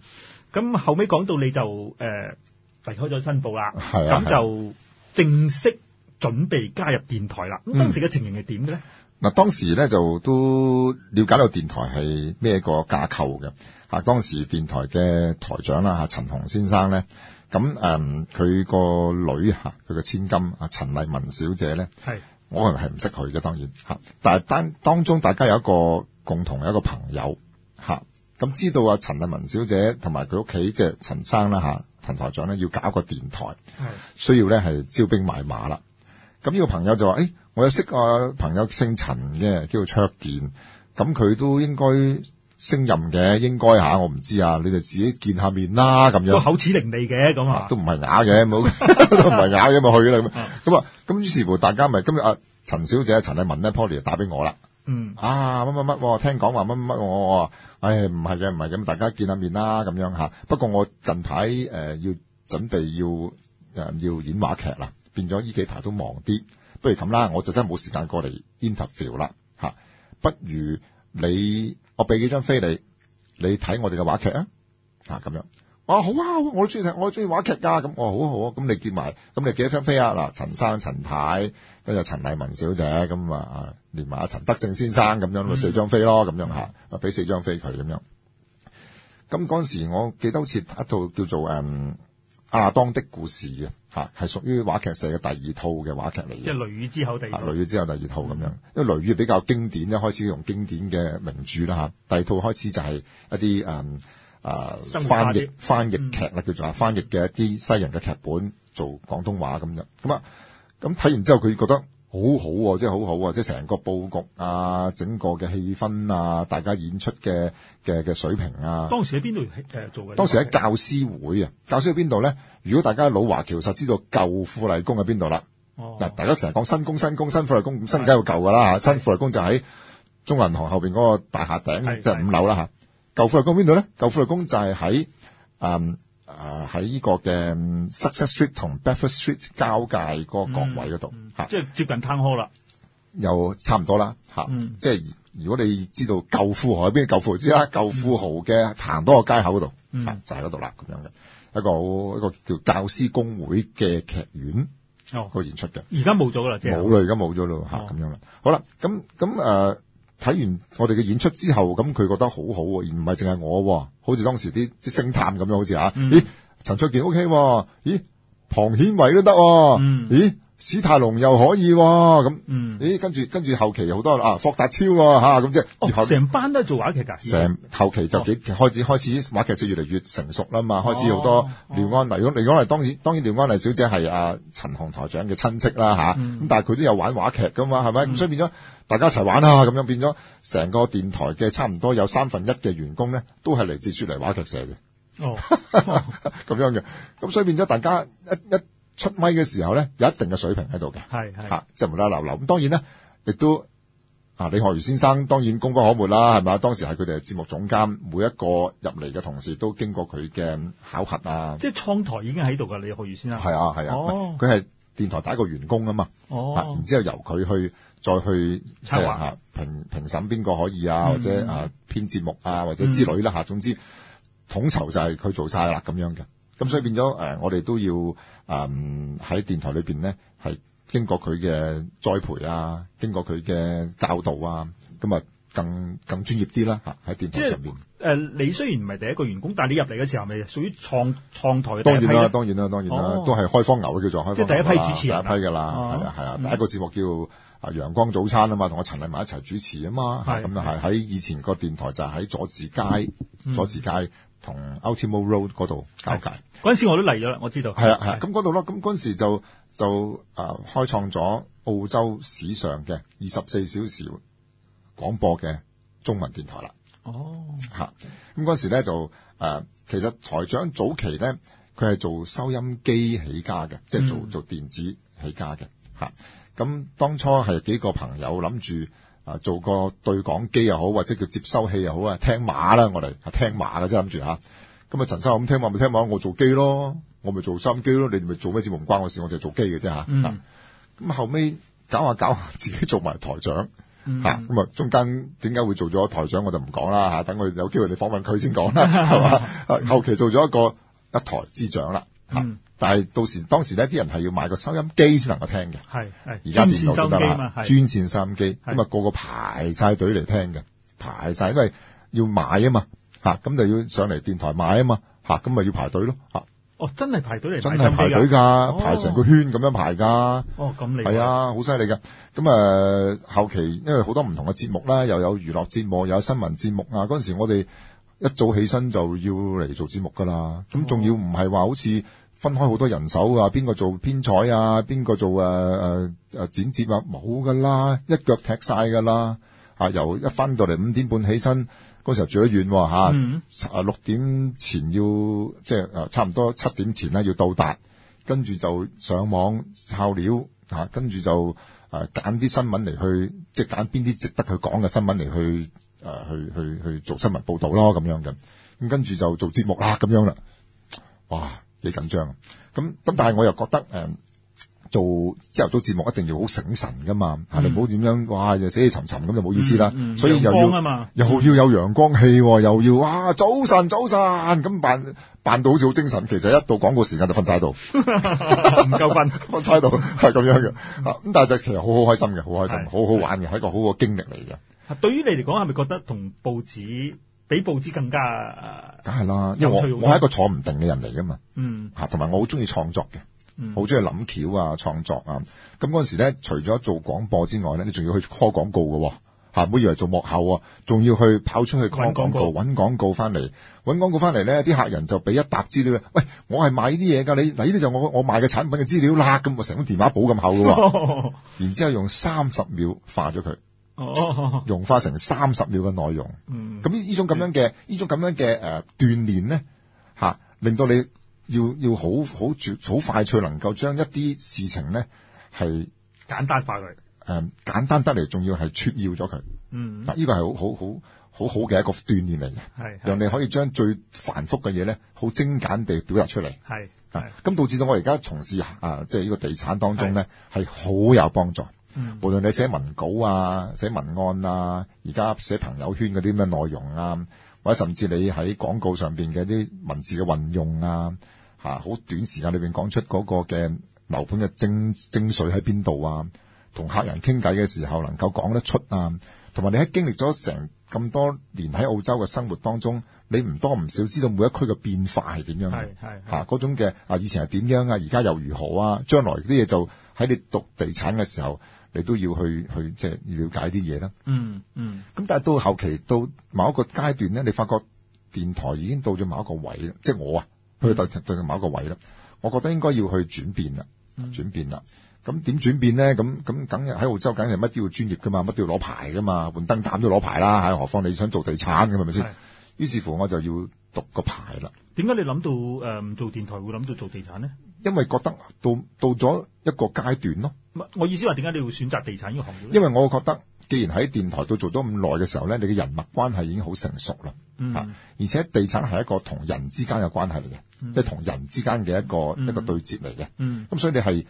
嗯、咁後尾講到你就誒離、呃、開咗新報啦，咁就正式準備加入電台啦。咁當時嘅情形係點嘅咧？嗯嗱，當時咧就都了解到電台係咩一個架構嘅嚇、啊，當時電台嘅台長啦嚇、啊，陳雄先生咧，咁誒佢個女嚇，佢、啊、個千金啊，陳麗文小姐咧，係我可能係唔識佢嘅，當然嚇、啊，但係單當中大家有一個共同嘅一個朋友嚇，咁、啊、知道啊，陳麗文小姐同埋佢屋企嘅陳生啦嚇、啊，陳台長咧要搞一個電台，係需要咧係招兵買馬啦，咁呢個朋友就話誒，哎我有識個朋友姓陳嘅，叫做焯健，咁佢都應該勝任嘅，應該吓，我唔知啊。你哋自己見下面啦，咁樣。個口齒伶俐嘅，咁啊都唔係啞嘅，唔係啞嘅咪去啦。咁啊，咁於是， 是、， 嗯、是乎大、啊嗯啊哎是是，大家咪今日啊，陳小姐、陳麗文咧，Polly 就打俾我啦。嗯啊，乜乜乜，聽講話乜乜我，唉唔係嘅唔係嘅，咁大家見下面啦，咁樣吓。不過我近排誒、呃、要準備要誒、呃、要演話劇啦，變咗呢幾排都忙啲。不如咁啦，我就真係冇時間過嚟 interview 啦嚇。不如你我俾幾張飛你，你睇我哋嘅話劇啊嚇咁樣。我、啊好，啊、好啊，我都中意睇，我中意話劇噶、啊。咁我好好啊，咁、啊、你結埋，咁你幾多張飛啊嗱？陳生、陳太，跟住陳麗文小姐，咁啊連埋阿陳德正先生咁樣咯，四張飛咯，咁樣嚇，俾、啊、四張飛佢咁樣。咁嗰陣時，我記得好似一套叫做嗯。阿當的故事嘅，吓係屬於話劇社嘅第二套嘅話劇嚟嘅，即係《雷雨》之後第二，《雷雨》之後第二套咁樣，嗯，因為《雷雨》比較經典，一開始用經典嘅名著啦吓，第二套開始就係一啲誒誒翻譯翻譯劇啦，叫、嗯、做翻譯嘅一啲西人嘅劇本做廣東話咁樣，咁啊咁睇完之後佢覺得。好好喎、啊，即、就、係、是、好好、啊、喎！即係成個佈局啊，整個嘅氣氛啊，大家演出嘅嘅嘅水平啊。當時喺邊度做嘅？當時喺教師會啊，教師會邊度咧？如果大家老華僑實知道舊富麗宮喺邊度啦。嗱、哦，大家成日講新宮，新宮，新富麗宮，咁新梗係舊噶啦嚇，新富麗宮就喺中銀行後邊嗰個大廈頂，即係五樓啦嚇，舊富麗宮邊度咧？舊富麗宮就係喺啊！喺呢個嘅 Sussex Street 同 Bedford Street 交界嗰個角位嗰度，吓、嗯、即、嗯、係接近 Town Hall 啦，又差唔多啦，吓、嗯、即係如果你知道舊富豪喺邊，舊富豪知啦，舊富豪嘅、嗯、行多個街口嗰度、嗯，就喺嗰度啦，咁樣嘅一個一個叫教師工會嘅劇院，哦，個演出嘅，而家冇咗噶啦，冇啦，而家冇咗咯，吓咁、哦、樣啦，好啦，咁咁誒。睇完我哋嘅演出之後，咁佢覺得好好喎，而唔係淨係我喎，好似當時啲啲星探咁樣，好似吓，咦陳焯健 O K 咦龐憲偉都得嗯，咦。史泰龍又可以咁、啊，誒、嗯，欸，跟住跟住後期好多啊，霍達超吓咁即係，哦，成班都係做話劇噶，成後期就幾、哦、開始開始話劇社越嚟越成熟啦嘛、哦，開始好多廖安麗，如果如果係當然當然廖安麗小姐係阿陳雄台長嘅親戚啦吓，咁、啊嗯、但係佢都有玩話劇噶嘛，係咪？咁、嗯、所以變咗大家一齊玩啊，咁樣變咗成個電台嘅差唔多有三分一嘅員工咧，都係嚟自雪梨話劇社嘅，哦，咁 樣嘅，咁所以變咗大家一一。出咪嘅時候咧，有一定嘅水平喺度嘅，係係、啊，吓即係無啦啦流流。咁當然呢，亦都啊李學儒先生當然功不可沒啦，係咪啊？當時係佢哋嘅節目總監，每一個入嚟嘅同事都經過佢嘅考核啊。即係創台已經喺度噶，李學儒先生係啊係啊，佢係、啊哦、電台打個員工啊嘛，吓、哦啊，然之後由佢去再去即係吓評評審邊個可以啊，嗯、或者啊編節目啊，或者之類啦、啊、吓，嗯、總之統籌就係佢做晒啦咁樣嘅。咁所以變咗誒我哋都要誒喺電台裏面咧，係經過佢嘅栽培啊，經過佢嘅教導啊，咁啊更更專業啲啦喺電台上面，就是。你雖然唔係第一個員工，但係你入嚟嘅時候咪屬於創創台。當然啦，當然啦，當然啦、哦，都係開荒牛叫做開荒牛。即係第一批主持、啊，第一批㗎啦，係啊係啊，第一個節目叫啊陽光早餐啊嘛，同我陳麗埋一齊主持啊嘛，咁係喺以前個電台就喺佐治街、嗯，佐治街。同 Ultimo Road 嗰度交界，嗰陣時我都嚟咗啦，我知道。係啊係，咁嗰度咯，咁嗰陣時就就誒、呃、開創咗澳洲史上嘅二十四小時廣播嘅中文電台啦。哦，吓，咁嗰陣時咧就誒、呃，其實台長早期咧，佢係做收音機起家嘅，嗯，即係做做電子起家嘅，吓，咁當初係幾個朋友諗住。做個對講機又好，或者叫接收器又好啊，聽馬啦，我哋啊聽馬嘅啫諗住吓。咁啊，陳生咁聽馬咪聽馬，我做機咯，我咪做收音機咯，你咪做咩節目唔關我事，我就做機嘅啫吓。咁、嗯啊、後尾搞下搞下，自己做埋台長吓。咁啊，中間點解會做咗台長，啊、台長我就唔講啦吓。等佢有機會你訪問佢先講啦，係 嘛。後、嗯、期、啊、做咗一個一台之長啦吓。啊嗯但係到時，當時呢啲人係要買個收音機先能夠聽嘅。係係。而家電腦就得喇，專線收音機嘛，係。專線收音機，咁啊，個個排晒隊嚟聽嘅，排晒，因為要買啊嘛，吓，咁就要上嚟電台買啊嘛，吓，咁咪要排隊咯，吓。哦，真係排隊嚟，真係排隊噶，排成個圈咁樣排噶。哦，咁你。係、哦哦、啊，好犀利噶。咁啊、呃，後期因為好多唔同嘅節目啦、嗯，又有娛樂節目，又、嗯、有，有新聞節目啊。嗰陣時我哋一早起身就要嚟做節目噶啦。咁、哦、仲要唔係話好似分開好多人手啊，邊個做編採啊，邊個做誒誒誒剪接啊？冇、啊、噶、啊啊、啦，一腳踢晒噶啦。啊，由一返到嚟五點半起身嗰時候住得遠吓，啊六點、嗯啊、前要即係誒、啊、差唔多七點前啦、啊、要到達，跟住就上網抄料吓，跟、啊、住就誒揀啲新聞嚟去即係揀邊啲值得去講嘅新聞嚟去誒、啊、去去去做新聞報道咯咁樣嘅，咁跟住就做節目啦咁、啊、樣啦，哇！幾緊張，咁咁但係我又覺得誒、呃，做朝頭早節目一定要好醒神噶嘛，吓、嗯、你唔好點樣哇，又死氣沉沉咁就冇意思啦、嗯嗯。所以又要陽、啊、嘛又要有陽光氣、哦，又要哇早晨早晨咁扮扮到好似好精神，其實一到廣告時間就瞓晒度，唔夠瞓，瞓晒度係咁樣嘅。咁但係就其實好好開心嘅，好開心，好好玩嘅，係一個好好嘅經歷嚟嘅。對於你嚟講，係咪覺得同報紙？比報紙更加。梗係啦，因為我我係一個坐唔定嘅人嚟噶嘛，嗯，吓，同埋我好中意創作嘅，好中意諗橋啊，創作啊，咁嗰陣時咧，除咗做廣播之外咧，你仲要去 call 廣告噶，哦，吓，唔好以為做幕後啊，仲要去跑出去 call 廣告，搵廣告翻嚟，搵廣告翻嚟咧，啲客人就俾一沓資料，喂，我係賣呢啲嘢噶，你嗱呢啲就係我我賣嘅產品嘅資料啦，咁我成個電話簿咁厚噶， 然之後用三十秒化咗佢。融、oh, oh, oh, oh, oh. 化成三十秒嘅內容，咁、mm -hmm. 呢呢種咁樣嘅呢種咁樣嘅誒鍛煉咧，吓令到你要要好好好快脆，能夠將一啲事情咧係簡單化佢，誒簡、嗯、簡單得嚟，仲要係撮要咗佢，嗯，嗱呢個係好好好好好嘅一個鍛煉嚟嘅，係讓你可以將最繁複嘅嘢咧，好精簡地表達出嚟，係，係，咁、啊、導致到我而家從事啊即係呢個地產當中咧，係好有幫助。無論你寫文稿啊、寫文案啊，而家寫朋友圈嗰啲咩內容啊，或者甚至你喺廣告上面嘅啲文字嘅運用啊，嚇好短時間裏面講出嗰個嘅樓盤嘅精精髓喺邊度啊？同客人傾偈嘅時候能夠講得出啊，同埋你喺經歷咗成咁多年喺澳洲嘅生活當中，你唔多唔少知道每一區嘅變化係點樣嘅，係係嚇嗰種嘅啊，以前係點樣啊，而家又如何啊？將來啲嘢就喺你讀地產嘅時候。你都要去去即係了解啲嘢啦。嗯嗯。咁但係到後期到某一個階段咧，你發覺電台已經到咗某一個位啦，即係我啊去、嗯、到某一個位啦。我覺得應該要去轉變啦、嗯，轉變啦。咁點轉變咧？咁咁梗係喺澳洲梗係乜都要專業噶嘛，乜都要攞牌噶嘛，換燈膽都攞牌啦，喺何況你想做地產咁係咪先？於是乎我就要讀個牌啦。點解你諗到誒唔、呃、做電台會諗到做地產咧？因為覺得到到咗一個階段咯。我意思話，點解你會選擇地產呢個行業？因為我覺得，既然喺電台度做咗咁耐嘅時候咧，你嘅人脈關係已經好成熟啦，吓、嗯，而且地產係一個同人之間嘅關係嚟嘅，即係同人之間嘅一個、嗯、一個對接嚟嘅。咁、嗯嗯、所以你係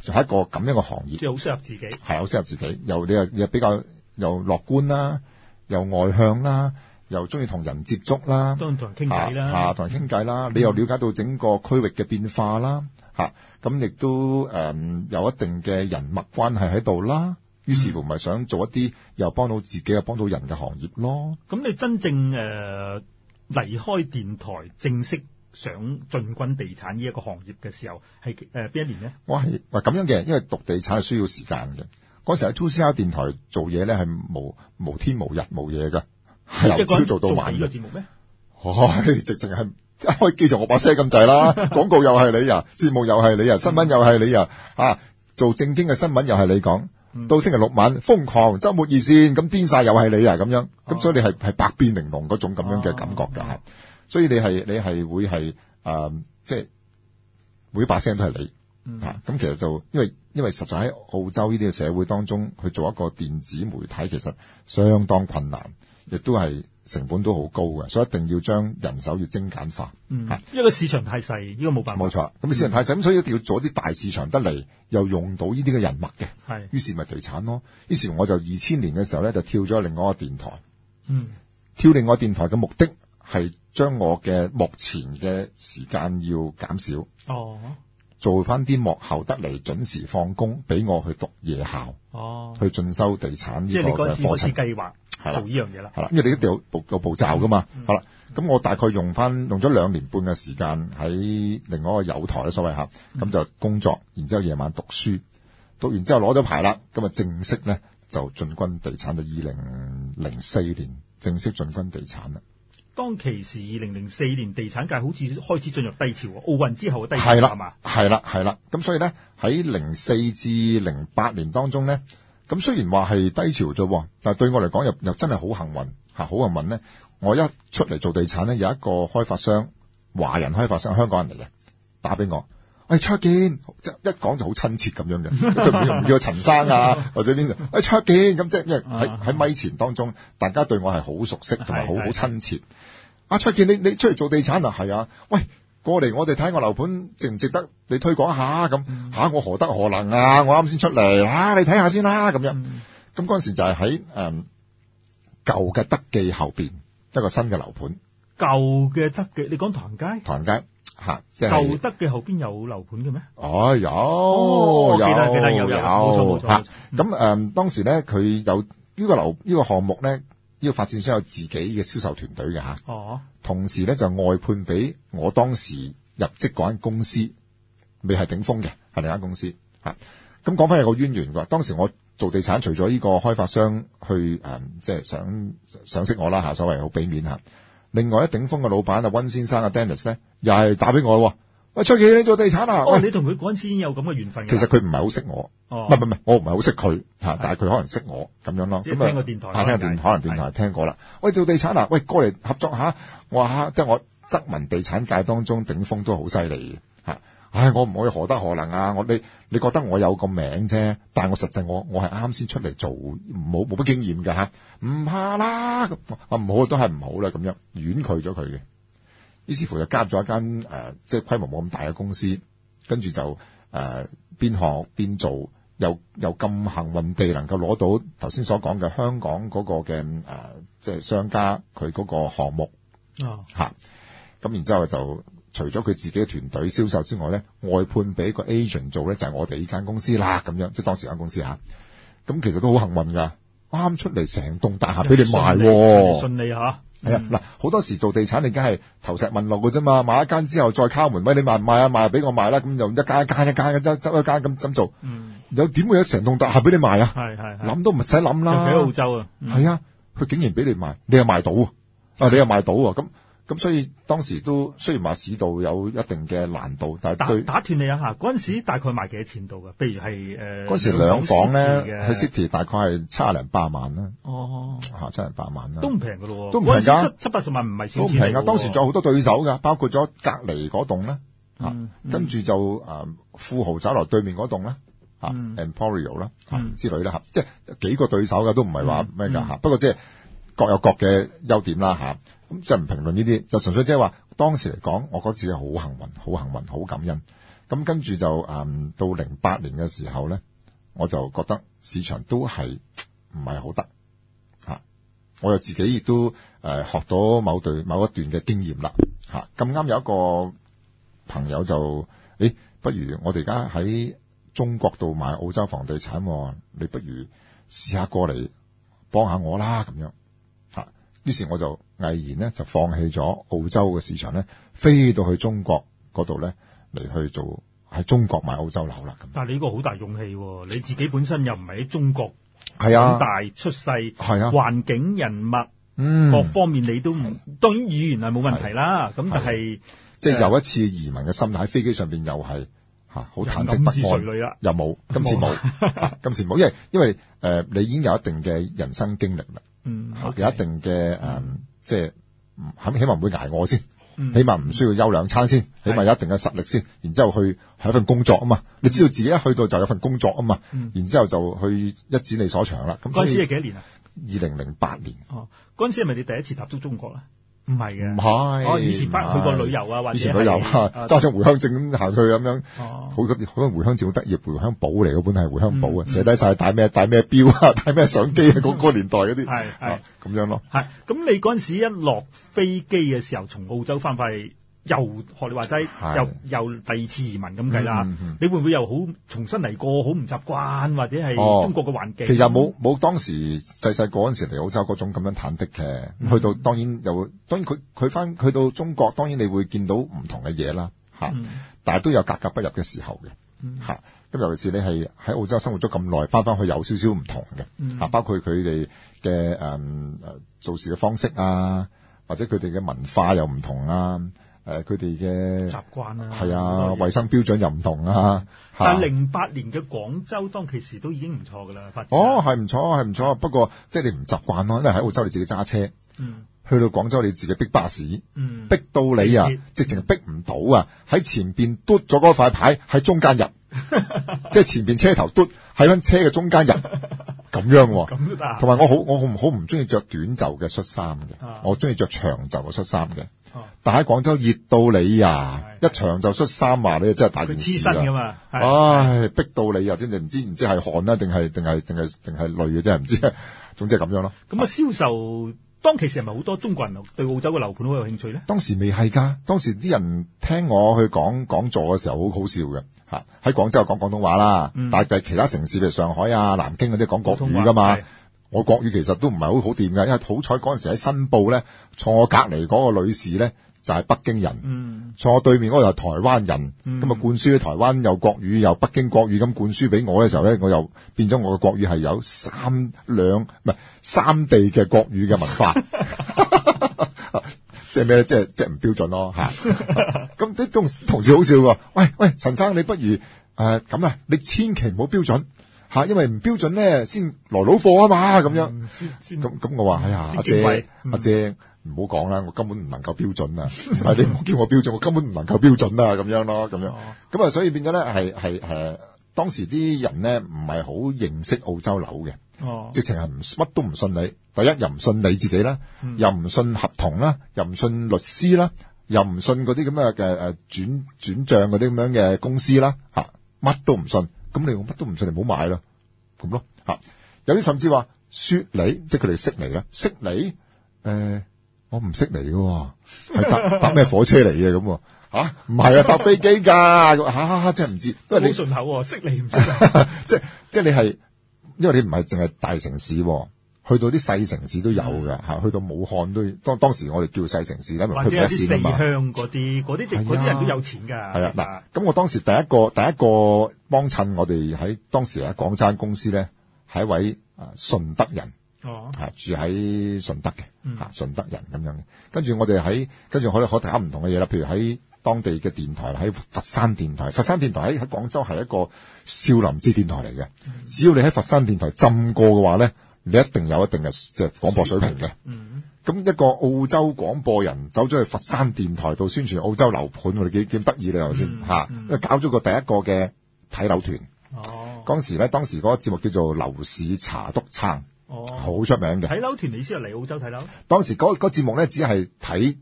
就係一個咁樣嘅行業，即係好適合自己，係好適合自己。又你又，你又比較又樂觀啦，又外向啦，又中意同人接觸啦，當然同人傾偈啦，同、啊啊、人傾偈啦、嗯。你又了解到整個區域嘅變化啦。吓咁亦都誒有一定嘅人脈關係喺度啦，於是乎咪想做一啲又幫到自己又幫到人嘅行業咯。咁你真正誒、呃、離開電台正式想進軍地產呢一個行業嘅時候，係誒邊一年呢？我係喂咁樣嘅，因為讀地產係需要時間嘅。嗰時喺 2CR 電台做嘢咧，係無無天無日無嘢㗎。係一直做到晚呢個節目咩？哦、哎，直情係。可以繼續我把聲咁滯啦，廣告又係你啊，節 目又係你啊，新聞又係你啊、嗯、啊，做正經嘅新聞又係你講、嗯，到星期六晚瘋狂周末熱線咁癲晒又係你啊咁樣，咁、啊、所以你係係百變玲瓏嗰種咁樣嘅感覺噶、啊嗯，所以你係你係會係誒即係每一把聲都係你，嗯、啊咁其實就因為因為實在喺澳洲呢啲嘅社會當中去做一個電子媒體，其實相當困難，亦都係。成本都好高嘅，所以一定要將人手要精簡化。嗯，因為個市場太細，呢個冇辦法。冇錯，咁個市場太細，咁所以一定要做啲大市場得嚟，又用到呢啲嘅人脈嘅。係，於是咪地產咯。於是我就二千年嘅時候咧，就跳咗另外一個電台。嗯，跳另外一個電台嘅目的係將我嘅目前嘅時間要減少。哦，做翻啲幕後得嚟，準時放工，俾我去讀夜校。哦，去進修地產呢個嘅、那個、課程。那個做呢樣嘢啦，因為你一定有步有步驟噶嘛？好、嗯、啦，咁我大概用翻用咗兩年半嘅時間喺另外一個友台嘅所謂嚇，咁、嗯、就工作，然之後夜晚讀書，讀完之後攞咗牌啦，咁啊正式咧就進軍地產，到二零零四年正式進軍地產啦。當其時二零零四年地產界好似開始進入低潮，奧運之後嘅低潮係嘛？係啦係啦，咁所以咧喺零四至零八年當中咧。咁雖然話係低潮啫，但係對我嚟講又又真係好幸運吓，好、啊、幸運咧。我一出嚟做地產咧，有一個開發商華人開發商，香港人嚟嘅打俾我，喂、哎，焯健，一講就好親切咁樣嘅，佢 唔他不 叫陳生啊 或者邊個？喂、哎，焯健咁即係喺喺咪前當中，大家對我係好熟悉同埋好好親切。阿焯、啊啊、健，你你出嚟做地產啊？係啊，喂。過嚟我哋睇個樓盤值唔值得你推廣一下，咁。吓，我何德何能啊，我啱先出嚟，吓，你睇下先啦。咁樣，咁嗰陣時就係喺誒，舊嘅德記後邊一個新嘅樓盤。舊嘅德記，你講唐人街？唐人街吓，即係舊德記後邊有樓盤嘅咩？哦，有，我記得記得，有，有冇錯冇錯。咁誒，當時咧佢有呢個樓，呢個項目咧，呢個發展商有自己嘅銷售團隊嘅吓。哦。同時咧就外判俾我當時入職嗰間公司，未係頂峰嘅，係另一間公司吓。咁講翻有個淵源嘅，當時我做地產，除咗呢個開發商去誒，即、嗯、係、就是、想，想賞識我啦、啊，所謂好俾面、啊、另外一頂峰嘅老闆阿温先生阿 Dennis 咧，又係打俾我喎。啊。喂，焯健，你做地產啊、哦？你同佢嗰陣先有咁嘅緣分？其實佢唔係好識我，唔係唔係，我唔係好識佢吓，但係佢可能識我咁樣咯。咁啊，聽過電台吓，電台電台，電台聽過啦。喂，做地產啊？喂，過嚟合作下、啊！我吓即係我質問，地產界當中頂峰都好犀利嘅吓。唉、啊，我唔可以何德何能啊？我你你覺得我有個名啫，但係我實際我我係啱先出嚟做，冇冇乜經驗嘅吓，唔、啊、怕啦。咁啊唔好都係唔好啦，咁樣婉拒咗佢嘅。於是乎就加入咗一間誒，即係規模冇咁大嘅公司，跟住就誒邊、呃、學邊做，又又咁幸運地能夠攞到頭先所講嘅香港嗰個嘅誒，即、呃、係、就是、商家佢嗰個項目吓，咁、啊啊、然之後就除咗佢自己嘅團隊銷售之外咧，外判俾個 agent 做咧，就係、是、我哋呢間公司啦，咁樣即係、就是、當時間公司吓，咁、啊嗯、其實都好幸運噶，啱出嚟成棟大廈俾你賣，順利吓。哦係啊，嗱、嗯，好多時做地產你梗係係投石問路㗎啫嘛，買一間之後再敲門，喂，你賣唔賣啊？賣啊，俾我賣啦，咁又一間一間一間嘅執執一間咁咁做，嗯，有點會有成棟大廈俾你賣啊？係係，諗都唔使諗啦，又喺澳洲、嗯、啊，係啊，佢竟然俾你賣，你又賣到、嗯、啊，你又賣到啊，咁。咁所以當時都雖然話市道有一定嘅難度，但係打打斷你一下嗰陣時大概賣幾多錢度嘅？譬如係誒，嗰、呃、陣時兩房咧喺 City 大概係七零八萬啦。哦，啊、七零八萬啦，都唔平㗎。咯喎，都唔平㗎。七八十萬唔係都唔平㗎。當時仲有好多對手㗎、嗯，包括咗隔離嗰棟啦、嗯啊嗯、跟住就、呃、富豪走來對面嗰棟啦 Emporio 啦之類啦、啊、即係幾個對手嘅都唔係話咩㗎，不過即係各有各嘅優點啦、啊。咁就唔評論呢啲，就純粹即係話當時嚟講，我覺得自己好幸運，好幸運，好感恩。咁跟住就誒、嗯、到零八年嘅時候咧，我就覺得市場都係唔係好得吓、啊，我又自己亦都誒、呃、學到某對某一段嘅經驗啦吓，咁、啊、啱有一個朋友就誒、欸、不如我哋而家喺中國度買澳洲房地產，你不如試下過嚟幫下我啦咁樣。於是我就毅然咧就放棄咗澳洲嘅市場咧，飛到去中國嗰度咧嚟去做喺中國買澳洲樓啦。但你呢個好大勇氣喎、啊！你自己本身又唔係喺中國，係啊大出世啊環境人物，嗯，各方面你都唔當然語言係冇問題啦。咁、啊、但係、啊、即係有一次移民嘅心態，嗯、喺飛機上面又係好忐忑不安啊！又冇、啊、今次冇、 啊、今次冇，因為因為誒你已經有一定嘅人生經歷啦。嗯，有一定嘅誒，即、嗯、係、嗯、起起碼唔會捱餓先，嗯、起碼唔需要休兩餐先，嗯、起碼有一定嘅實力先，然之後去係一份工作啊嘛、嗯，你知道自己一去到就有一份工作啊嘛，嗯、然之後就去一展你所長啦。咁、嗯、嗰時係幾多年啊？二零零八年。哦，嗰時係咪你第一次踏足中國咧？唔係嘅，唔係，我以前翻去過旅遊啊，或者以前旅遊啊，揸張回鄉證咁行去咁樣，好多好回鄉證好得意，回鄉寶嚟，嗰本係回鄉寶啊，寫低晒帶咩帶咩表啊，帶咩、嗯、相機啊，嗰、嗯嗰個年代嗰啲係係咁樣咯。係，咁你嗰陣時一落飛機嘅時候，從澳洲翻翻去。又學你話齋，又又第二次移民咁計啦，你會唔會又好重新嚟過，好唔習慣或者係中國嘅環境？哦、其實冇冇當時細細個嗰時時嚟澳洲嗰種咁樣坦忑嘅、嗯，去到當然又當然佢佢翻去到中國，當然你會見到唔同嘅嘢啦，但係都有格格不入嘅時候嘅咁、嗯、尤其是你係喺澳洲生活咗咁耐，翻翻去有少少唔同嘅、嗯啊、包括佢哋嘅誒做事嘅方式啊，或者佢哋嘅文化又唔同啊。誒，佢哋嘅習慣啦，係啊，衛、啊、生標準又唔同啊。嗯、啊但係零八年嘅廣州，當其時都已經唔錯噶啦。哦，係唔錯，係唔錯。不過即係、就是、你唔習慣咯，因為喺澳洲你自己揸車、嗯，去到廣州你自己逼巴士，嗯、逼到你啊，嗯、直情逼唔到啊。喺前邊嘟咗嗰塊牌喺中間入，即 係前邊車頭嘟喺翻車嘅中間入，咁 樣、啊。咁同埋我好，我好唔好唔中意着短袖嘅恤衫嘅、啊，我中意着長袖嘅恤衫嘅。但喺廣州熱到你呀、啊，一場就出三麻、啊，你真係大件事啦、啊。噶嘛？唉，逼到你呀、啊，真係唔知唔知係汗啦，定係定係定係定係淚嘅，真係唔知。總之係咁樣咯。咁啊，銷售當其時係咪好多中國人對澳洲嘅樓盤好有興趣咧？當時未係噶，當時啲人聽我去講講座嘅時候，好好笑嘅吓。喺廣州講廣東話啦，嗯、但係其他城市譬如上海啊、南京嗰啲講國語噶嘛。我國語其實都唔係好好掂㗎，因為好彩嗰陣時喺新報咧，坐我隔離嗰個女士咧就係北京人，坐、嗯、我對面嗰個又係台灣人，咁、嗯、啊灌輸啲台灣有國語又北京國語咁灌輸俾我嘅時候咧，我又變咗我嘅國語係有三兩唔係三地嘅國語嘅文化，即係咩咧？即係即係唔標準咯嚇。咁啲同事同事好笑喎，喂喂，陳生你不如誒咁啊，你千祈唔好標準。吓，因為唔標準咧，先來老貨啊嘛，咁樣，咁咁我話，哎呀，阿姐，阿姐唔好講啦，我根本唔能夠標準啊，係你唔好叫我標準，我根本唔能夠標準啊，咁樣咯，咁樣，咁啊，所以變咗咧，係係誒，當時啲人咧唔係好認識澳洲樓嘅，直情係唔乜都唔信你，第一又唔信你自己啦，又唔信合同啦，又唔信律師啦，又唔信嗰啲咁啊嘅誒轉轉帳嗰啲咁樣嘅公司啦，嚇乜都唔信。咁你用乜都唔信，你唔好買啦，咁咯吓、啊。有啲甚至話雪你，即係佢哋識你嘅，識你誒、呃，我唔識你嘅，係搭搭咩火車嚟嘅咁喎，吓，唔係啊，搭、啊、 飛機噶，吓、啊，真係唔知。都好順口，識你唔知， 即係即係你係，因為你唔係淨係大城市。去到啲細城市都有嘅，去到武漢都當當時，我哋叫細城市咧，或者啲四鄉嗰啲嗰啲嗰啲人都有錢㗎。啊，嗱咁，我當時第一個第一個幫襯我哋喺當時喺廣州公司咧，係一位啊、呃、順德人，哦啊、住喺順德嘅嚇、嗯啊、順德人咁樣。跟住我哋喺跟住可可以睇下唔同嘅嘢啦，譬如喺當地嘅電台啦，喺佛山電台。佛山電台喺廣廣州係一個少林寺電台嚟嘅、嗯。只要你喺佛山電台浸過嘅話咧。你一定有一定嘅即係廣播水平嘅。咁、嗯、一個澳洲廣播人走咗去佛山電台度宣傳澳洲樓盤，我哋幾點得意你頭先吓，搞咗個第一個嘅睇樓團。哦，當時咧，當時嗰個節目叫做樓市查篤撐，哦，好出名嘅。睇樓團，你先係嚟澳洲睇樓？當時嗰嗰節目咧，只係睇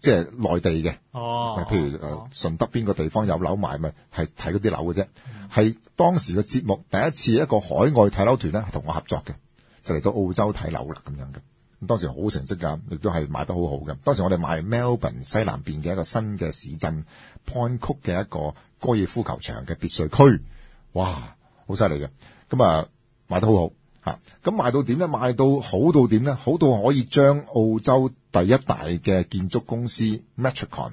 即係內地嘅。哦，譬如誒順、哦、德邊個地方有樓買，咪係睇嗰啲樓嘅啫。係、嗯、當時嘅節目第一次一個海外睇樓團咧，同我合作嘅。就嚟到澳洲睇樓啦，咁樣嘅。咁當時好成績㗎，亦都係賣得好好嘅。當時我哋賣 Melbourne 西南邊嘅一個新嘅市鎮 Point Cook 嘅一個高爾夫球場嘅別墅區，哇，好犀利嘅。咁啊，賣得好好嚇。咁、啊、賣到點咧？賣到好到點咧？好到可以將澳洲第一大嘅建築公司 Metricon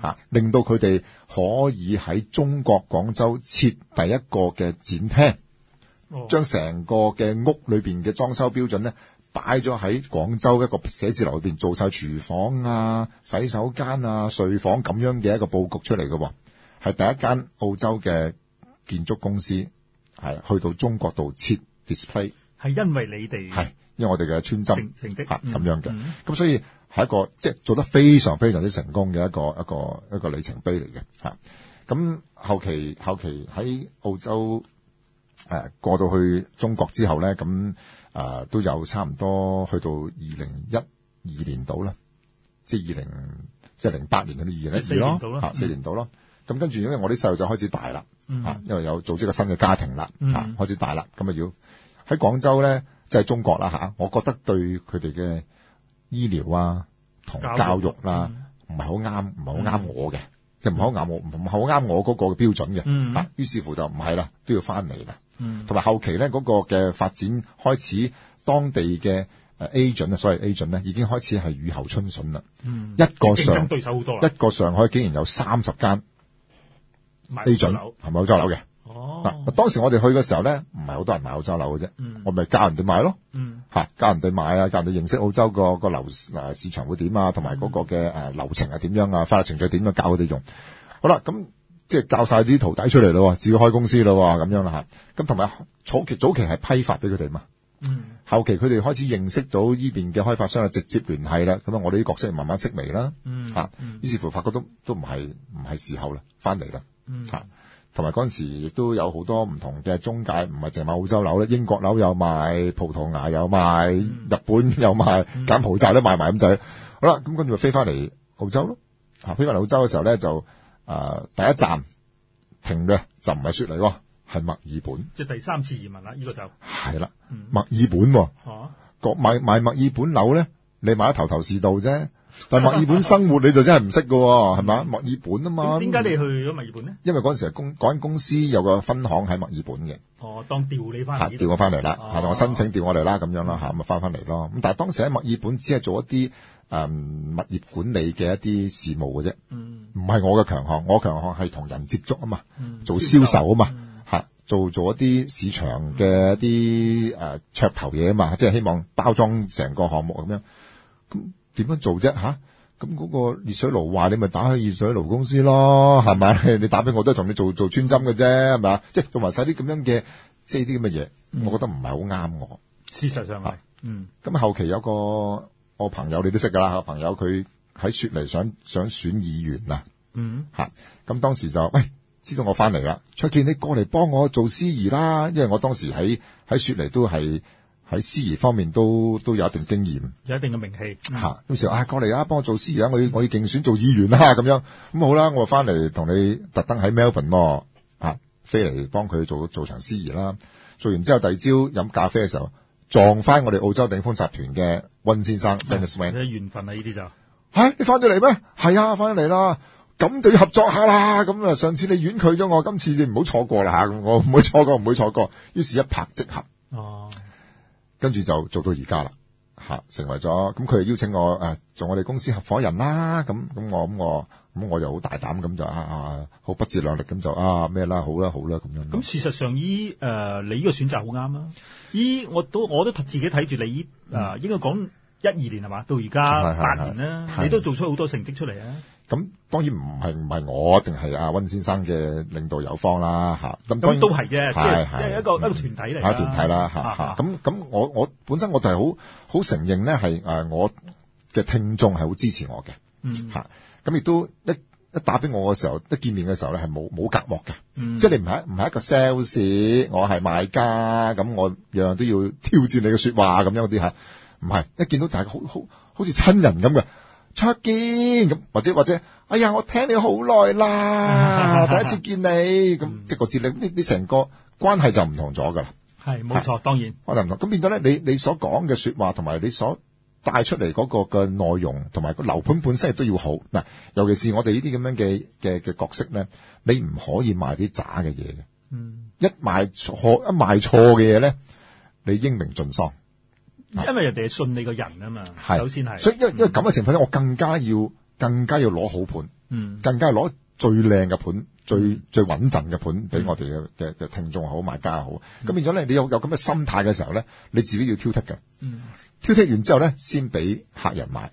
嚇、啊，令到佢哋可以喺中國廣州設第一個嘅展廳。將成個嘅屋裏邊嘅裝修標準咧，擺咗喺廣州一個寫字樓裏邊做晒廚房啊、洗手間啊、睡房咁樣嘅一個布局出嚟嘅，係第一間澳洲嘅建築公司係去到中國度設 display，係因為你哋係，因為我哋嘅村針成，成績吓咁樣嘅，咁、嗯嗯、所以係一個即係、就是、做得非常非常之成功嘅一個一個一個，一個里程碑嚟嘅吓，咁後期後期喺澳洲。誒、啊，過到去中國之後咧，咁啊都有差唔多去到二零一二年度啦，就是、20, 到 202, 即係二零即係零八年嗰啲二年一度咯，四年度咯。咁跟住因為我啲細路就開始大啦，吓、嗯啊，因為有組織個新嘅家庭啦，吓、嗯啊、開始大啦，咁啊要喺廣州咧，即、就、係、是、中國啦吓、啊，我覺得對佢哋嘅醫療啊同教育啦，唔係好啱，唔係好啱我嘅，即唔好啱我，唔唔好啱我嗰個標準嘅、嗯啊，於於是乎就唔係啦，都要翻嚟啦。同埋後期咧，嗰、那個嘅發展開始，當地嘅誒 agent 啊，所謂 agent 咧，已經開始係雨後春笋啦、嗯。一個上，對手好多啦一個上海竟然有三十間 agent 樓係咪澳洲樓嘅？哦，嗱、啊，當時我哋去嘅時候咧，唔係好多人買澳洲樓嘅啫。我咪教人哋買咯。嗯，吓教人哋買啊，教人哋認識澳洲、那個個樓、啊、市場會點啊，同埋嗰個嘅誒流程係點樣啊，法律、嗯啊程,啊、程序點樣教佢哋用。好啦，咁、嗯。即係教晒啲徒弟出嚟咯，自己開公司咯咁樣啦吓，咁同埋早期早期係批發俾佢哋嘛，後期佢哋開始認識到呢邊嘅開發商啊，直接聯繫啦，咁啊我哋啲角色慢慢式微啦，吓、嗯，於、嗯、是、是乎發覺都都唔係唔係時候啦，翻嚟啦，吓、嗯，同埋嗰陣時亦都有好多唔同嘅中介，唔係淨賣澳洲樓咧，英國樓有賣，葡萄牙有賣，嗯、日本有賣、嗯，柬埔寨都賣埋咁滯，嗯、 好啦，咁跟住飛翻嚟澳洲咯，吓，飛翻嚟澳洲嘅時候咧就。誒、呃，第一站停嘅就唔係雪梨喎，係墨爾本。即係第三次移民啦，呢、這個就係啦。墨爾、嗯、本喎、啊，買買墨爾本樓咧，你買得頭頭是道啫。但係墨爾本生活你就真係唔識噶，係 嘛？墨爾本啊嘛。點解你去咗墨爾本咧？因為嗰陣時公間公司有個分行喺墨爾本嘅。哦，當調你翻嚟，調我翻嚟啦，吓、啊啊，我申請調我嚟啦，咁樣啦，吓，咁啊翻翻嚟咯。咁但係當時喺墨爾本只係做一啲。誒、嗯，物業管理嘅一啲事務嘅啫，唔、嗯、係我嘅強項，我強項係同人接觸啊嘛，嗯、做銷售啊嘛，吓、嗯嗯、做做一啲市場嘅一啲誒噱頭嘢啊嘛，即、嗯、係、呃呃、希望包裝成個項目咁樣，咁點樣做啫吓？咁、啊、嗰個熱水爐壞，你咪打開熱水爐公司咯，係咪？你打俾我都係同你做做穿針嘅啫，係嘛？即、就、係、是、做埋晒啲咁樣嘅，即係啲咁嘅嘢，我覺得唔係好啱我。事實上係、啊，嗯，咁後期有個。嗯嗯我朋友你都識噶啦。我朋友佢喺雪梨想想選議員、嗯、啊，嗯吓咁當時就喂，知道我翻嚟啦，焯健你過嚟幫我做司儀啦，因為我當時喺喺雪梨都係喺司儀方面都都有一定經驗，有一定嘅名氣吓。咁時啊過嚟啊，幫、哎啊、我做司儀啊，我要、嗯、我要競選做議員啦，咁樣咁、嗯、好啦。我翻嚟同你特登喺 Melbourne 啊飛嚟幫佢做做場司儀啦。做完之後第二，第二朝飲咖啡嘅時候撞翻我哋澳洲頂峰集團嘅。溫先生，梁德明，有緣分啊！呢啲就，吓，你翻咗嚟咩？係啊，翻咗嚟啦，咁就要合作下啦。咁啊，上次你婉拒咗我，今次你唔好錯過啦吓。我唔會錯過，唔會錯過。於是，一拍即合，哦，跟住就做到而家啦，吓，成為咗。咁佢就邀請我誒、啊，做我哋公司合夥人啦。咁，咁我，咁我。咁我又好大膽咁就啊，好不自量力咁就啊咩啦，好啦，好啦咁樣。咁事實上，依、呃、誒你個選擇好啱啦。依我都我都自己睇住你啊、呃，應該講一二年係嘛？到而家八年啦，你都做出好多成績出嚟啊。咁當然唔係唔係我，定係阿温先生嘅領導有方啦。嚇咁當然都係嘅，即係、就是、一個係係一個團體嚟。係團體啦。嚇咁咁，我我本身我就係好好承認咧，係我嘅聽眾係好支持我嘅。咁亦都一一打俾我嘅時候，一見面嘅時候咧係冇冇隔膜嘅，即係你唔係唔係一個 sales，我係買家，咁我樣樣都要挑戰你嘅説話咁樣嗰啲嚇，唔係一見到大家好好好似親人咁嘅，初見咁或者或者，哎呀我聽你好耐啦，第一次見你咁直覺知你，你你成個關係就唔同咗㗎啦，係冇錯，當然，我哋唔同，咁變咗咧，你你所講嘅説話同埋你所帶出嚟嗰個嘅內容，同埋個樓盤本身亦都要好嗱。尤其是我哋呢啲咁樣嘅嘅嘅角色咧，你唔可以賣啲渣嘅嘢嘅。嗯，一賣錯一賣錯嘅嘢咧，你英明盡喪。因為人哋係信你個人啊嘛，首先係。所以因為因為咁嘅情況咧、嗯，我更加要更加要攞好盤，嗯，更加要攞最靚嘅盤、最，嗯、最穩陣嘅盤俾我哋嘅嘅嘅聽眾好、買家好。咁變咗咧，你有有咁嘅心態嘅時候咧，你自己要挑剔嘅。嗯。挑剔完之後咧，先俾客人買，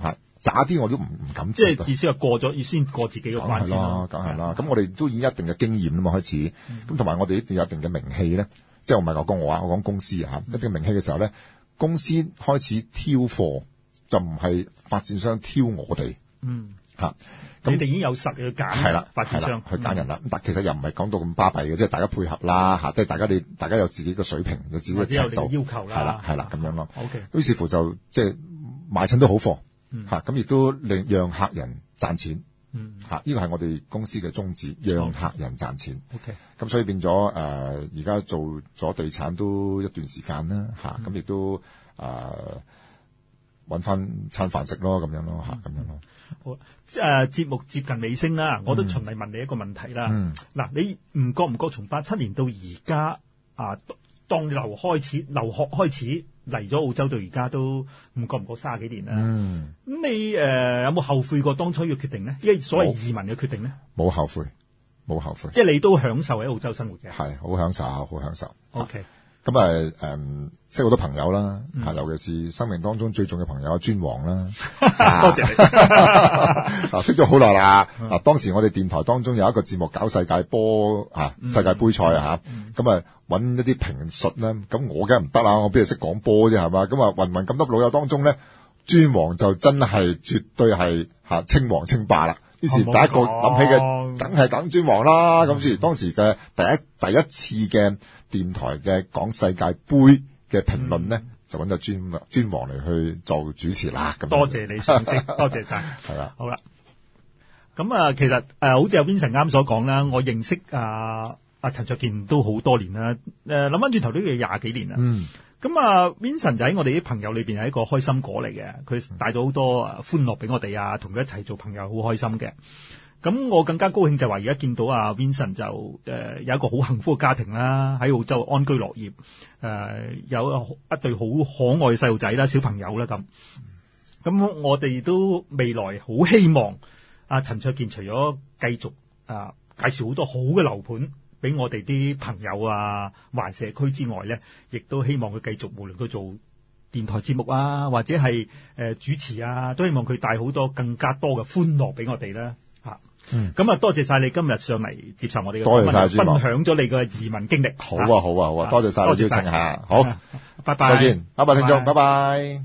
吓渣啲我都唔唔敢，即係至少係過咗要先過自己嘅關先，梗係啦。咁我哋都已經一定嘅經驗啦嘛，開始咁同埋我哋一定有一定嘅，嗯、名氣咧，即係我唔係講我啊我，我講公司、嗯、一定名氣嘅時候咧，公司開始挑貨就唔係發展商挑我哋，嗯，吓。咁你哋已經有實去揀，係啦，發展商去揀人啦，嗯。但其實又唔係講到咁巴閉嘅，即係大家配合啦，即係大家你大家有自己嘅水平，就己會程度，係啦，係啦，咁，嗯，樣咯。OK，於是乎就即係，就是，買親都好貨，咁，嗯，亦都令讓客人賺錢，呢個係我哋公司嘅宗旨，讓客人賺錢。嗯，OK，咁所以變咗誒，而，呃，家做咗地產都一段時間啦，咁亦，嗯，都誒揾翻餐飯食咯，咁樣咯，咁咯。誒，節、呃、目接近尾聲啦、啊，我都循例問你一個問題啦。嗱、嗯嗯，你唔覺唔覺從八七年到而家啊，當留開始留學開始嚟咗澳洲到而家都唔覺唔覺卅幾年啦。咁、嗯、你誒、呃、有冇後悔過當初嘅決定呢？即係所謂移民嘅決定呢？冇後悔，冇後悔。即、就、係、是、你都享受喺澳洲生活嘅。係好享受，好享受。OK、啊。咁、嗯、啊，誒，識好多朋友啦，吓、嗯，尤其是生命當中最重嘅朋友阿尊王啦，多 謝，謝你，啊， 識咗好耐啦，嗱，當時我哋電台當中有一個節目搞世界波世界杯賽啊，吓、嗯，咁、嗯、啊，揾、嗯、一啲評述啦，咁我梗唔得啦，我邊度識講波啫，係嘛？咁啊，芸芸咁多老友當中咧，尊王就真係絕對係吓稱王稱霸啦，於是第一個諗起嘅，梗係揀尊王啦，咁、嗯、先，當時嘅第一第一次嘅。電台嘅講世界杯嘅評論咧，就搵到尊尊王嚟去做主持啦。咁多謝你先， 多謝晒。係啦，好啦。咁啊，其實誒、呃，好似 Vincent 啱所講啦，我認識阿阿陳卓健都好多年啦。誒、呃，諗翻轉頭都要廿幾年啦。嗯。咁啊，Vincent 就喺我哋啲朋友裏邊係一個開心果嚟嘅，佢帶咗好多歡樂俾我哋啊，同佢一齊做朋友好開心嘅。咁我更加高興就話，而家見到阿、啊、Vincent 就有一個好幸福嘅家庭啦、啊，喺澳洲安居樂業，啊、有一對好可愛嘅細路仔啦，小朋友啦咁。咁我哋都未來好希望阿、啊、陳焯健除咗繼續啊介紹好多好嘅樓盤俾我哋啲朋友啊、環社區之外咧，亦都希望佢繼續無論佢做電台節目啊，或者係、呃、主持啊，都希望佢帶好多更加多嘅歡樂俾我哋啦。嗯，咁啊，多謝晒你今日上嚟接受我哋嘅分享，分享咗你嘅移民經歷，好啊，好啊，好啊，多謝晒邀請吓，好，拜拜，再見，拜拜聽眾，拜拜。